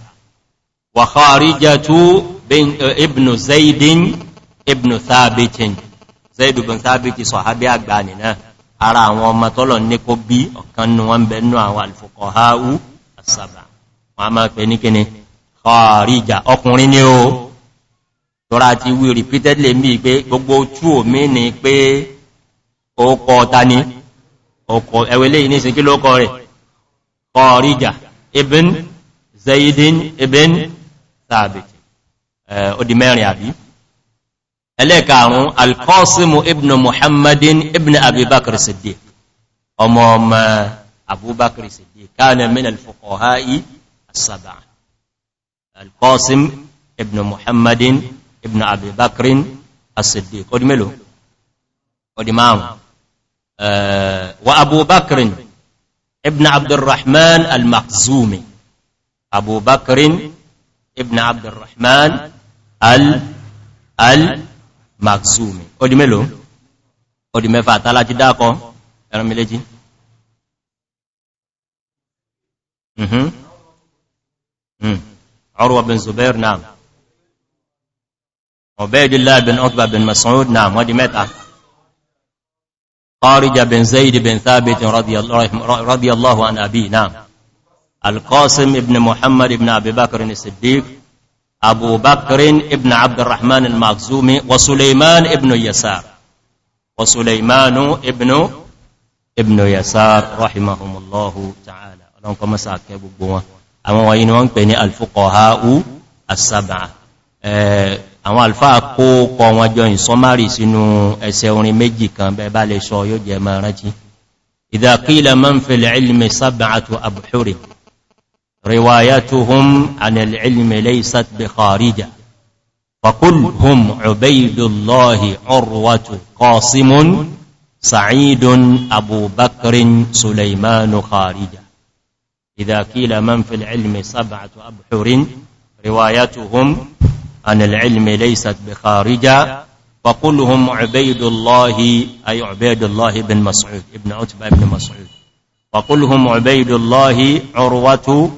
وخارجة Eh, ibn zaidin ibn thabitin zaidu bin thabiti sahabi àgbà na ara àwọn ọmọ tolo ní kó bí ọ̀kan nu wọn be nu àwọn alfuqahau asaba wọ́n ma pè ní kíni kharija ọkùnrin ni o tora ti wí repeatedly mi pé gbogbo ojú omi ni pé ó kọ tani ọkọ ewele ni sin kí ló kọ rẹ̀ kharija ibn zaidin ibn thabit ó di mẹ́rin àbí ẹlẹ́ẹ̀kàrún alkọ́símù ibn muhammadin ibn abubakar sidi ọmọ ọmọ abubakar sidi káàlẹ̀ min alfuqaha'i asaba alkọ́sím ibn muhammadin ibn abubakar siddiq ó di mélòó márùn wa abubakar ibn abdurrahman al-makhzumi abubakar ibn abdurrahman al-maksumi ó di mélòó ó di mẹ́fà tààlá ti dákọ ẹran mhm mhm Urwa bin Zubair naam Ubaydillah bin Utba bin Mas'ud naam wọ́n di mẹ́ta Qarija bin Zaid bin Thabit radiyallahu an abi naam Al-Qasim ibn Muhammad ibn Abi Bakr as-Siddiq abu bakrin ibn abdurrahman al-makhzumi wa suleiman ibn yasar wa suleimanu ibn ibn yasar rahimahumullahu ta'ala ọlọ́n kọ mọ́sá kẹ gbogbo wọn àwọn wọ̀nyí ni wọ́n ń pè ní alfuqaha'u as-sab'a àwọn alfáà kó kọ wọn jọ ìsọmárì sínú ẹsẹ̀ orin méjì kan bẹ bá lè sọ yóò jẹ mọ́ rántí idha qila man fil ilmi sab'atu abhuri روايتهم عن العلم ليست بخارجة فقل هم عبيد الله عروة قاسم سعيد أبو بكر سليمان خارجة إذا قيل من في العلم سبعة أبحر روايتهم عن العلم ليست بخارجة فقل هم عبيد الله أي عبيد الله بن مسعود ابن عتبة بن مسعود وقل هم عبيد الله عروة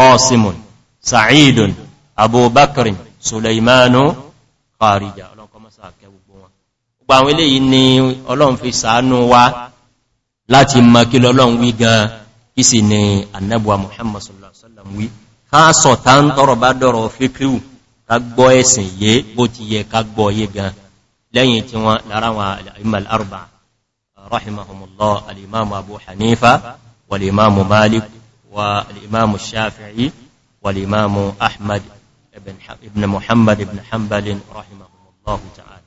qasimun sa'idun abubakarin suleimanu kharija ọlọ́kọmọ́sá akẹgbogbo wọn gbogbo àwọn eléyìí ni ọlọ́run fi ṣàánú wa láti mọ̀ kí lọ́lọ́run wí gan ìsì ni annabuwa muhammad sallallahu alaihi wasallam wí ká sọ ta ń tọrọ bá dọ̀rọ̀ fíkíù ká gbọ́ ẹ̀sìn yé bó ti yẹ ká gbọ́ yé gan lẹ́yìn tí wọ́n lára wọn والإمام الشافعي والإمام أحمد بن, محمد بن حنبل رحمه الله تعالى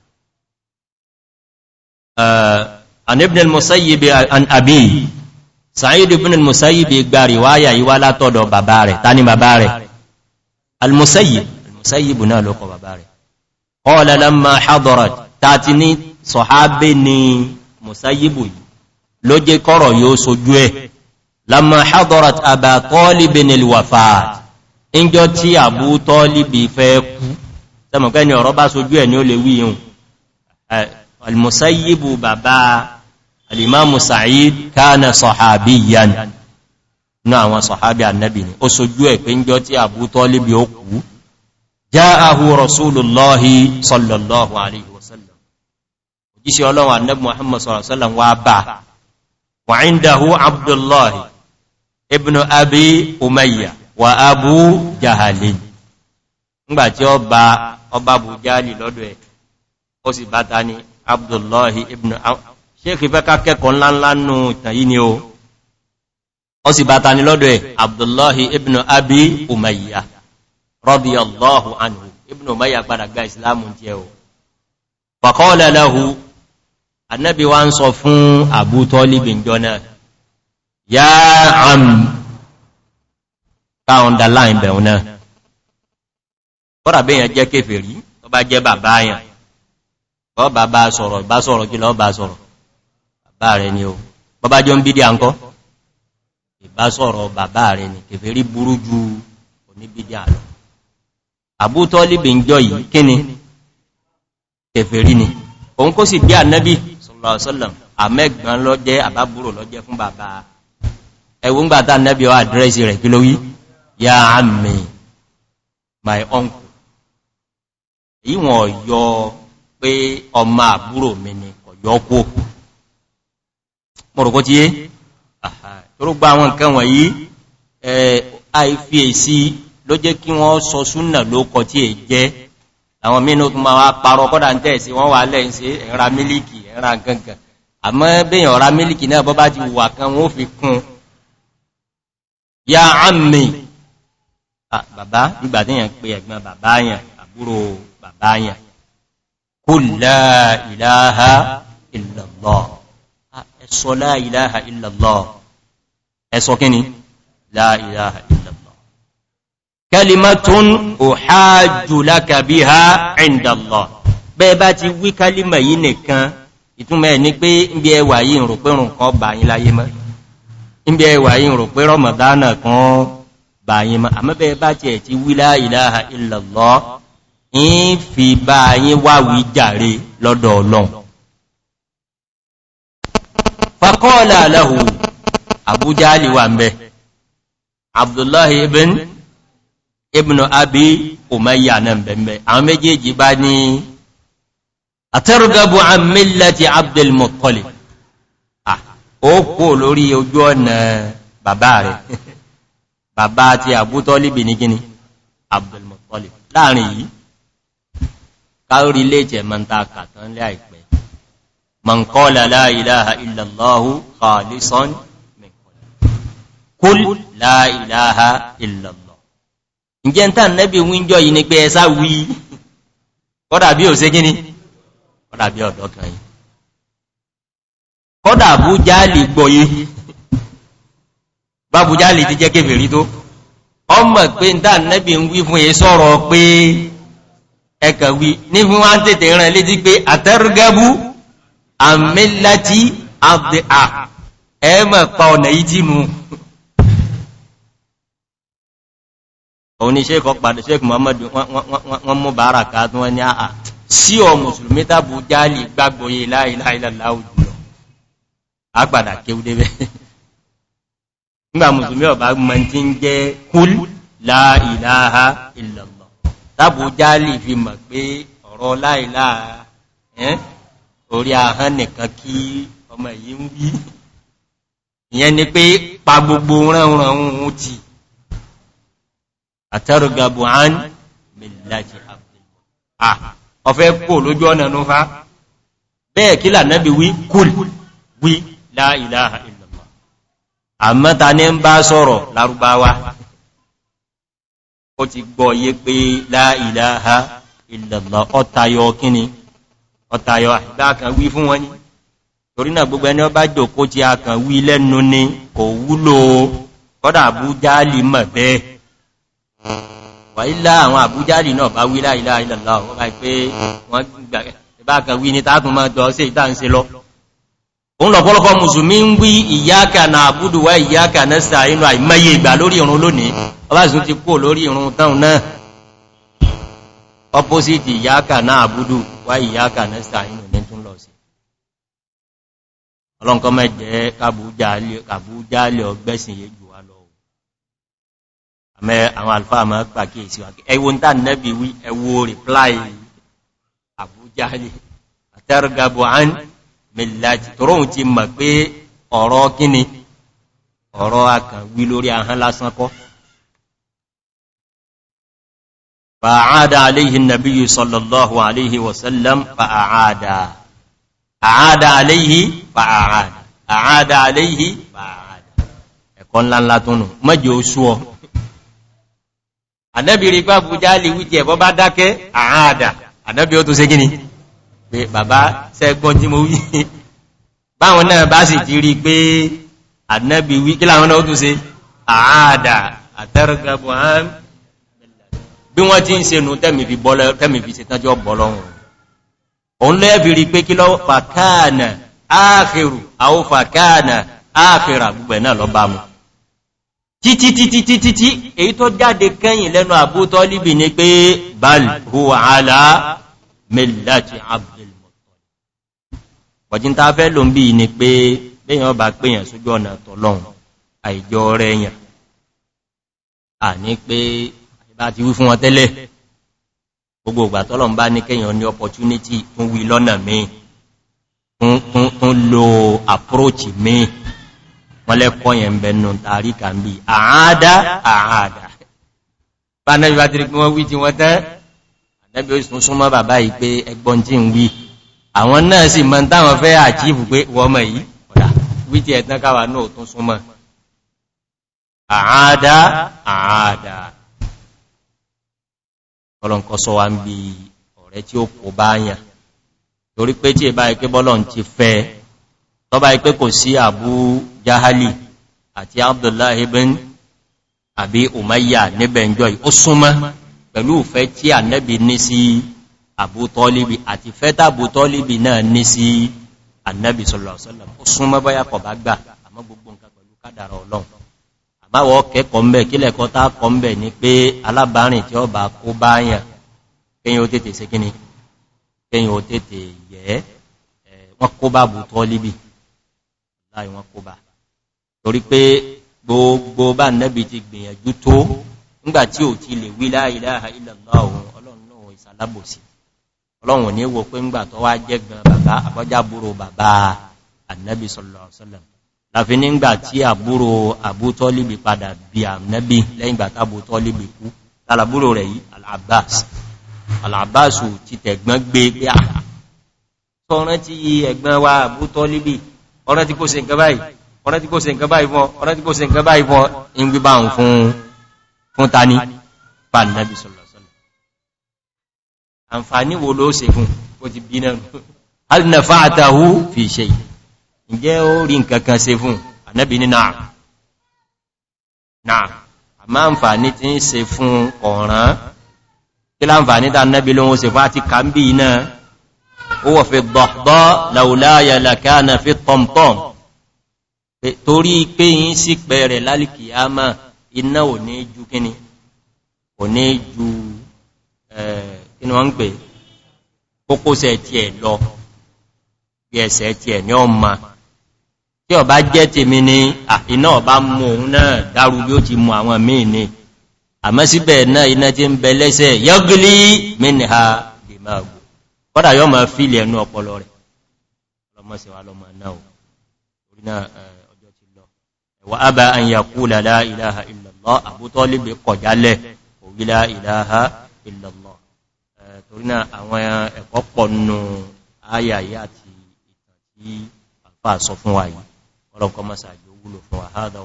عن ابن المسيب عن أبي سعيد بن المسيب يقبع رواية يوالا تودو باباري تاني باباري المسيب المسيب نالوك باباري قال لما حضرت تاتني صحابني ni musayibu yìí ló lamma hadarat aba talibin alwafat injo tí abu talibi fẹ́ kú se mo pe ni ọ̀rọ̀ bá sojú ẹ̀ ni ó lè wí yun al musayyib baba al imam sa'id kana sahabiyan na àwọn sahabi annabi ni ó sojú ẹ̀ pé injo tí abu talibi ó kú ja'ahu rasulullahi sallallahu alaihi wasallam òjíṣẹ́ Ọlọ́run annabi abdullahi ibn abi umayya wa abu jahali ngbàtí ọba ọba abu jahali lọ́dọ̀ ẹ̀ ó sì bá ta ni abdullahi ibn ṣéèkì fẹ́ ká kẹ́kọ̀ọ́ ńláńlá nù ìtàn yìí ni o ó sì bá ta ni lọ́dọ̀ ẹ̀ abdullahi ibn abi umayya radiyallahu anhu ibn umayya padà gba ìsìlámù jẹ́ o faqala lahu annabi wa ń sọ fún abu tọ́líbìn jọ yá àmì káwọn underline bẹ̀rún náà kọ́rà bí èyàn jẹ́ kéfèrí tó bá jẹ́ bàbá àyàn kọ́ bàbá sọ̀rọ̀ bá sọ̀rọ̀ kí lọ bá sọ̀rọ̀ bàbá rẹ̀ ni o bàbá jọ ń bí díà ń kọ́ ìbá sọ̀rọ̀ bàbá rẹ̀ ni kéfèrí burú ju oníbídí àlọ́ àbútọ́ líbi ń jọ yìí kí ni kéfèrí ni òun kó sì bí ànẹ́bí sọ̀rọ̀ sọ́lọ̀ àmẹ́gbọ́n lọ́jẹ́ àbábúrò lọ́jẹ́ fún bàbá ẹ̀wùn gbàtà nẹ́bí ọ àdírẹ́sì rẹ̀ kí ló wí ya àmì my uncle èyí wọ́n yọ pé ọmọ àbúrò mi ni ọ̀yọ́ kú mọ̀rọ̀kọ́ tí yé torúgbà àwọn nǹkan wọ̀nyí ifac ló jẹ́ kí wọ́n sọ súnà ló kọ tí è jẹ́ àwọn mínú tó máa parọ kọ́dà ń tẹ́ẹ̀sí wọ́n wà lẹ́yìn sí ẹ̀ra mílìkì ẹ̀ra mílìkì náà bọ́ ti wà kan wọ́n fi kún un ya ammi ah, bàbá nígbàtíyàn pé ẹ̀gbọ́n bàbá yàn àbúrò bàbá yàn qul la ilaha illallah ah, ẹ̀sọ la ilaha illallah ẹ̀sọ kíni la ilaha illallah kalimatun uhajju laka biha inda Allah bẹ́ẹ̀ bá ti wí kálímà yìí nìkan ìtúnmẹ́ ní pé ń bí ẹwà yìí ń rò pẹ́rùn kan bà yín láyé mọ́ níbi ẹwà yìí rò pé rọmọdánà kan báyìí ma àmọ́bẹ̀ bá ti ẹ̀ ti wílá ìlàhà ìlàlọ́ in fi báyìí wáwí jàre lọ́dọ̀ ọlọ́n fakọ́ọ̀lá aláhù àbújá àlìwà mẹ́ abdullahi ibn ibn abi umayya náà bẹ̀mẹ̀ àwọn méjèèjì bá ní àtẹ́rùgabù ó kò lórí ojú ọ̀nà bàbá rẹ̀ bàbá àti àbútọ́líbì ní gíní àbùmọ̀tọ́lì láàrin yìí káórí ilé ìtẹ̀ mọ́ta kàtán lé àìpẹ́ man qala la ilaha illallahu khalisan kul la ilaha illallah ǹjẹ́ ta nẹ́bí wíńjọ́ yìí ni pé ẹsá wí kọ́dàbí ò sí gíní kọ́dàbí ọ̀dọ́ kan yìí kọ́dà bújáàlì gbọ́yé bá bújáàlì ti jẹ́ kébìrí tó ọmọ pé ń dáà nẹ́bí ń wí fún èé sọ́rọ̀ pé ẹkà wí ní fún wá ń tètè rán létí pé àtẹ́rùgẹ́bú àmìláti àbdà ẹ̀mọ̀ pa ọ̀nà yìí tí mú òun ni ṣe kọ́ padà ṣe kù mọ́mọ́dún wọ́n mú bàárà ká wọ́n ní àà sí ọ mùsùlùmí tàbí jáàlì gbàgbòye láìláìláìláwùjọ àpàdà kéwú débẹ̀ nígbà mùsùlùmí ọ̀bá mọ̀ tí ń jẹ́ kúl láìláha ìlọ̀lọ̀ tábò jálì fi mọ̀ pé ọ̀rọ̀ láìláha orí ahán nìkan kí ọmọ èyí ń wí ìyẹn ni pé pa gbogbo ránranrun ti àtẹ́rùgabù án mìlájì àpẹẹ̀lẹ̀ ọ̀fẹ́ kò lójú ọ̀nà nufá bẹ́ẹ̀ kí lànẹ́bí wí kúl wí la ilaha illallah àmọ́ta ní ń bá sọ̀rọ̀ lárúbáwá ó ti gbọ́ yé pé la ilaha illallah ọtayọ kíni ọtayọ àgbà kan wí fún wọn ní torí náà gbogbo ẹni ọba jòkó tí a kan wí lẹ́nu ni kò wúlò kọ́dà àbújáàlì mọ̀ bẹ́ẹ̀ wàílá àwọn àbújáàlì náà bá wí la ilaha illallah ọba pé wọ́n gbà ẹbá kan wí ní tákùnmọ́ jọ sí ìtàǹsí lọ òun lọ̀pọ̀lọpọ̀ mùsùlùmí ń wí ìyáka na àbúdùwá ìyáka nẹ́sà inú àìmẹ́yẹ ìgbà lórí ìrun lónìí ọba ìsún ti kúrò lórí ìrun táun náà opposite ìyáka na àbúdùwá ìyáka nẹ́sà inú ní tún lọ sí ọlọ́nkọ́ mẹ́jẹ́ kàbújálẹ̀ ọgbẹ́sìn yé jù wá lọ àmẹ́ àwọn alfáà máa pàkíyèsí wá mẹ́láti toróhun ti mọ̀ pé ọ̀rọ̀ kíni ọ̀rọ̀ akàn wí lórí ahán lásán kọ́ fa'ada aléhì nàbíyù sallallahu aléhì wasallam fa'ada àádá aléhì fa'ada àádá aléhì fa'ada ẹ̀kọ́ ńláńlá tó nù mẹ́jì oṣù ọ àdẹ́bìrí pàbújá lè wítí ẹ̀bọ́ bá dákẹ́ àádá àdẹ́bì ó tó sé pé bàbá sẹ́gbọ́n tí mo wí báwọn náà bá sì ti rí pé ànábì wí kí láwọn náà ó tún ṣe àádà àtẹ́rẹ́gbẹ̀bù àán bí wọ́n ti ń se nù tẹ́mì fi se tánjọ́ bọ́lọ́run òun lẹ́ẹ̀fì rí pé kí lọ fàkáànà áàfẹ́rù àwọ́ fàkáànà áàfẹ́rà gbogbo náà lọ bá mú títítítítítí èyí tó jáde kẹ́yìn lẹ́nu àbútọ́ líbì ní pé bal huwa ala millati Abdul Muttalib wọ̀jín ta fẹ́ ló ń bí ní pé béèyàn bá pèyàn sójú ọ̀nà tọ́lọ́run àìjọ rẹ̀ yàn à ní pé bá ti wí fún wọn tẹ́lẹ̀ gbogbo bá opportunity tún wí lọ́nà míì approach míì wọ́n lẹ́kọ́ yẹn ń bẹnu tàrí kàmbí àádá àádá bá náà yíwá tí wọ́n wí tí wọ́n tẹ́ ànẹ́bí ó sún súnmọ́ bàbá yìí pé ẹgbọ́n tí ń wí àwọn náà sì mọ́ táwọn fẹ́ àjíìfù pé wọ́mọ̀ yìí ọ̀dá wí ti ẹ̀tán káwà náà tún súnmọ́ àádá àádá ọlọ́nkọ́ sọ wá ń bí ọ̀rẹ́ tí ó kò bá yàn torí pé tí ìbá ipé bọ́lọ̀ ti fẹ́ tọ́bá ipé kò sí àbú jahali àti abdullahi ibn àbí umayya níbẹ̀ ń jọ ó súnmọ́ pẹ̀lú ìfẹ́ tí ànẹ́bì ní sí àbútọ́líbi àti fẹ́ta àbútọ́líbi náà ní sí ànẹ́bì sọ̀rọ̀sọ̀lọ̀ ó súnmọ́ báyà kọ̀ bá gbà àmọ́ gbogbo nǹkan pẹ̀lú kádàrà ọlọ́run àmáwọ̀ kẹ́kọ̀ọ́ ń bẹ̀ kílẹ̀kọ́ tá kọ́ ń bẹ̀ ní pé alábárìn tí ó bá kó báyàn kẹ́yìn ó tètè yẹ́ wọ́n kó bá bù tọ́ líbì láì wọ́n kó bá torí pé gbogbo bá nẹ́bì ti gbìyànjú tó ńgbàtí ò ti lè wí la ilaha illallah ọ̀hún ọlọ́run náà ìsàlábòsí ọlọ́run ní wo pé ńgbà tó wá jẹ́ gan bàbá àbọ́já búrò bàbá annabi sallallahu alaihi wasallam láfi nígbà tí àbúrò Abu Talib padà bí annabi lẹ́yìn gbà tábù Talib kú tàlàbúrò rẹ̀ yìí al-Abbas ah, wa Abu Talib ọ̀rán tí kò ṣe nǹkan báyìí fún ọ̀rán tí kò fún ta ní pàdánàbí sọ̀lọ̀sọ̀lọ̀ àǹfàní wo ló ṣe fún ó ti bí náà alìnàfà àtàhú fi ṣe ìjẹ́ ó rí nkankan ṣe fún ànábì ní náà náà a máa ń fàní tí ń ṣe fún ọ̀ràn kí láǹfàní tá nábi ló ń ṣe fún àti kàmbí náà ó wọ̀ fi iná ò ní ju kíni ò ní ju kíni wọ́n ń pè kókósẹ̀ tí ẹ̀ lọ bí ẹsẹ̀ tí ẹ̀ ní ọmọ tí ọba jẹ́ tèmi ni iná ọba mú òun náà dárú bí ó ti mú àwọn míì ni àmọ́ síbẹ̀ náà iná tí ń bẹ lẹ́sẹ̀ yọ́gílí mínìha dìmáàgù kọ́dà yọ́ ma fílì ẹnu ọpọlọ rẹ̀ ọlọ́mọ́sẹ̀wà lọ́mọ náà orí náà ọjọ́ ti lọ illallah Abu Talib kọjálẹ̀ la ilaha illallah torí náà àwọn ẹ̀kọ́ pọ̀nù ayayi àti ìtàn tí àpá sọ fún wa yìí ọlọ́kọ́ masà jò wúlò fún wa hádà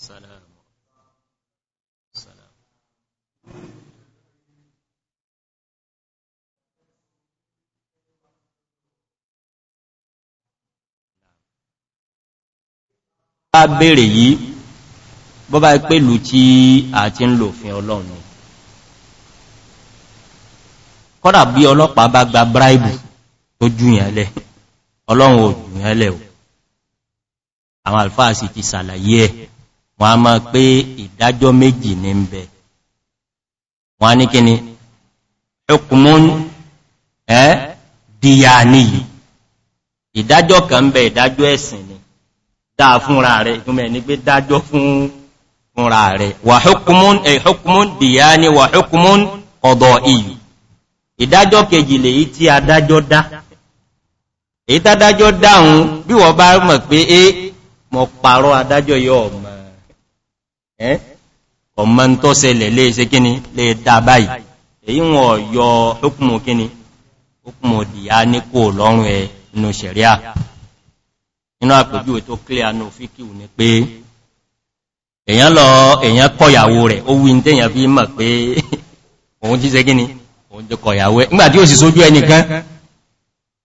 السلام السلام a bèèrè yìí bọ́bá ìpèlú tí a ti ń lò fún ọlọ́run kọ́dà bí ọlọ́pàá bá gba bíráìbù tó jùyànlẹ̀ ọlọ́run ò jùyànlẹ̀ o àwọn alfáà sì ti sàlàyé ẹ̀ wọ́n a máa pé ìdájọ́ méjì ní ń bẹ wọ́n a ní kíni ẹkùnmún ẹ́ díyà níyì ìdájọ́ kan bẹ ìdájọ́ ẹ̀sìn ni dáa fúnra rẹ̀ ìgbùnmẹ̀ ní pé dájọ́ fúnra rẹ̀ wà hukumun mọ̀ pàrọ adájọ́ yọ ọ̀mà ọmọ ń tọ́ sẹlẹ̀ lè ṣe kíni lè dá báyìí èyí wọn yọ ókùnmù kíni ókùnmù dìyà ní kò lọ́rùn ẹ inú sẹ̀ríà inú àpèjúwe tó kílẹ̀ anú fíkíù ni pé èyàn lọ èyàn kọ̀yàwó rẹ̀ ó wí ní tẹ́yàn fi mọ̀ pé òun jí ṣe kíni òun jẹ kọ̀yàwó ẹ̀ nígbàtí ó sì sójú ẹnìkan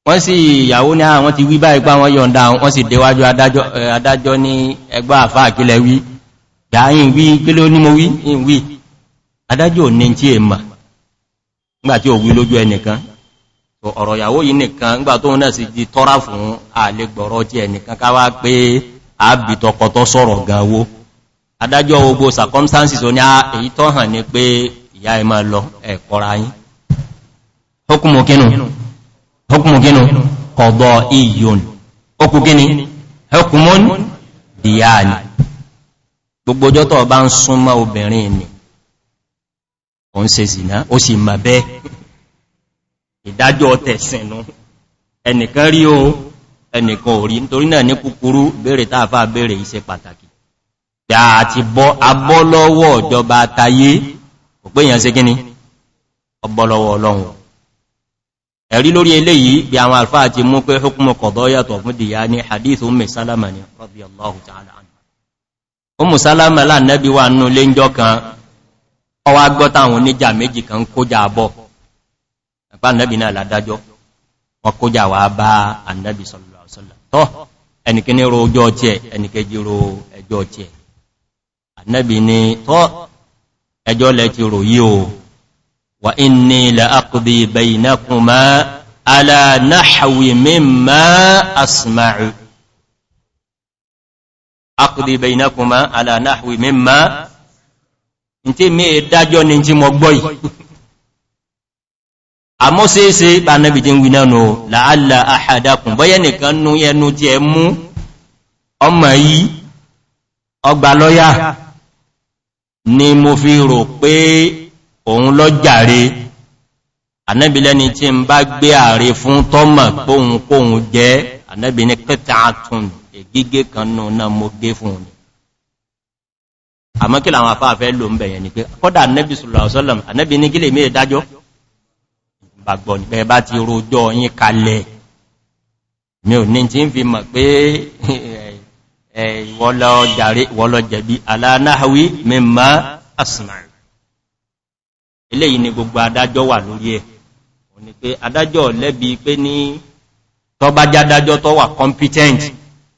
wọ́n sì ìyàwó ní àwọn ah, ti wí báyìí pá wọ́n yọ̀nda wọ́n sì déwájú adájọ́ eh, ní ẹgbà àfáà kílẹ̀ wí yàáyìn wí kí ló ní mo wí in wí adájọ́ ò ní tí èmà nígbàtí ò wí lójú ẹnìkan ọ̀rọ̀ ìyàwó yìí nìkan nígbà tó náà sì di tọ́rà fún àlegbọ̀rọ̀ tí ẹnìkan káwá pé àbìtọkọtọ́ sọ̀rọ̀ gàwó adájọ́ gbogbo circumstances ó ní ah, èyí tọ́ hàn ní pé ìyá ẹ máa lọ ẹ̀kọ́ra yín hukumukinu kọ̀dọ̀ iyun okùnkini diyani gbogbo ọjọ́ tọ́ bá ń súnmọ́ obìnrin ni o ń se zìná ó sì mọ̀ bẹ́ ìdájọ́ tẹ̀sìnú ẹnìkan rí o ẹnìkan ò rí nítorí náà ní kúkúrú bèèrè tààfà bèèrè iṣẹ́ pàtàkì ya àti abọ́lọ́wọ́ ọ̀jọba tayé òpé èèyàn sí kíní ọbọ́lọ́wọ́ ọlọ́run ẹ̀rí lórí eléyìí bí àwọn àlfáà ti mú pé hukumu kọ̀dọ́ yàtọ̀ fún dìyà ní hadith umme ni rọ́bí allahu ta'ala anu ọmọ sálámà lánàbí wà nínú ilé ìjọ kan ọwá gbọ́ta àwọn oníjà méjì kan kójà bọ́ ẹ̀pá ànàbí náà ládájọ́ wọn kójà wà bá ànàbí sọ̀lọ̀sọ̀lọ̀ tọ́ ẹnikẹ́ni ro ojú ọtí ẹ̀ akùdì bẹ̀yìnàkùnmá aláàáhù mímá ní tí mẹ́ dájọ́ ní tí mọ gbọ́ yìí àmọ́ sí ṣe pàánàbì tí ń wí náà nù láàlá àhàdàkùn bọ́yẹ́ nìkan nú ẹnu tí ẹ mú ọmọ yìí ọgbà lọ́yà ni mo fi rò pé òun lọ jàre ànẹ́bì tí ń bá gbé ààrẹ fún tọ́mà póhun póhun jẹ́ ànẹ́bì kẹta àtúndì gígé kan nù náà mo gé fún òní àmọ́ kí làwọn afáàfẹ́ lò ń bẹ̀yẹn ni pé kọ́dà anẹ́bì sùlọ́sọ́lọ́m anẹ́bì ní gílè mẹ́rẹ̀ dájọ́ gbàgbọ́ nígbẹ̀ bá ti rojọ́ yín kalẹ̀ mi ò ní tí ń fi mọ̀ pé ìwọ́lọ jẹ̀bi alánáhàwí mímọ́ asìmà eléyìí ni gbogbo adájọ́ wà lórí ẹ̀ ni pé adájọ́ lẹ́bi competent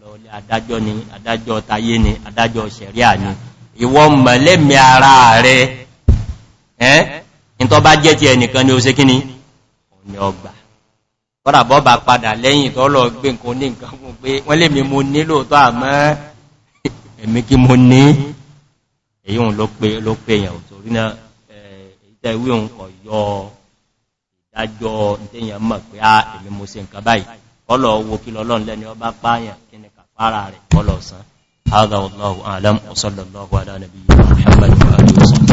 lọ ní adájọ́ ni adájọ́ tayé ni adájọ́ sẹ̀ríà ni ìwọ mọ̀lẹ́mì ara rẹ̀ ẹ́ in bá jẹ́ ti ẹnìkan ni ó sé kíní ọ̀nà ọgbà kọ́dà bọ́ bá padà lẹ́yìn tó lọ gbé nǹkan ní nǹkan fún pé wọ́n lè mi mo ní lóòtọ́ àmọ́ ẹ̀mí kí mo ní èyí òun ló pé ló ah, kọlọ̀ owó kí lọ́lọ́n lẹ́ni ọba páyàn kí ni kàfàrà rẹ̀ kọlọ̀ sán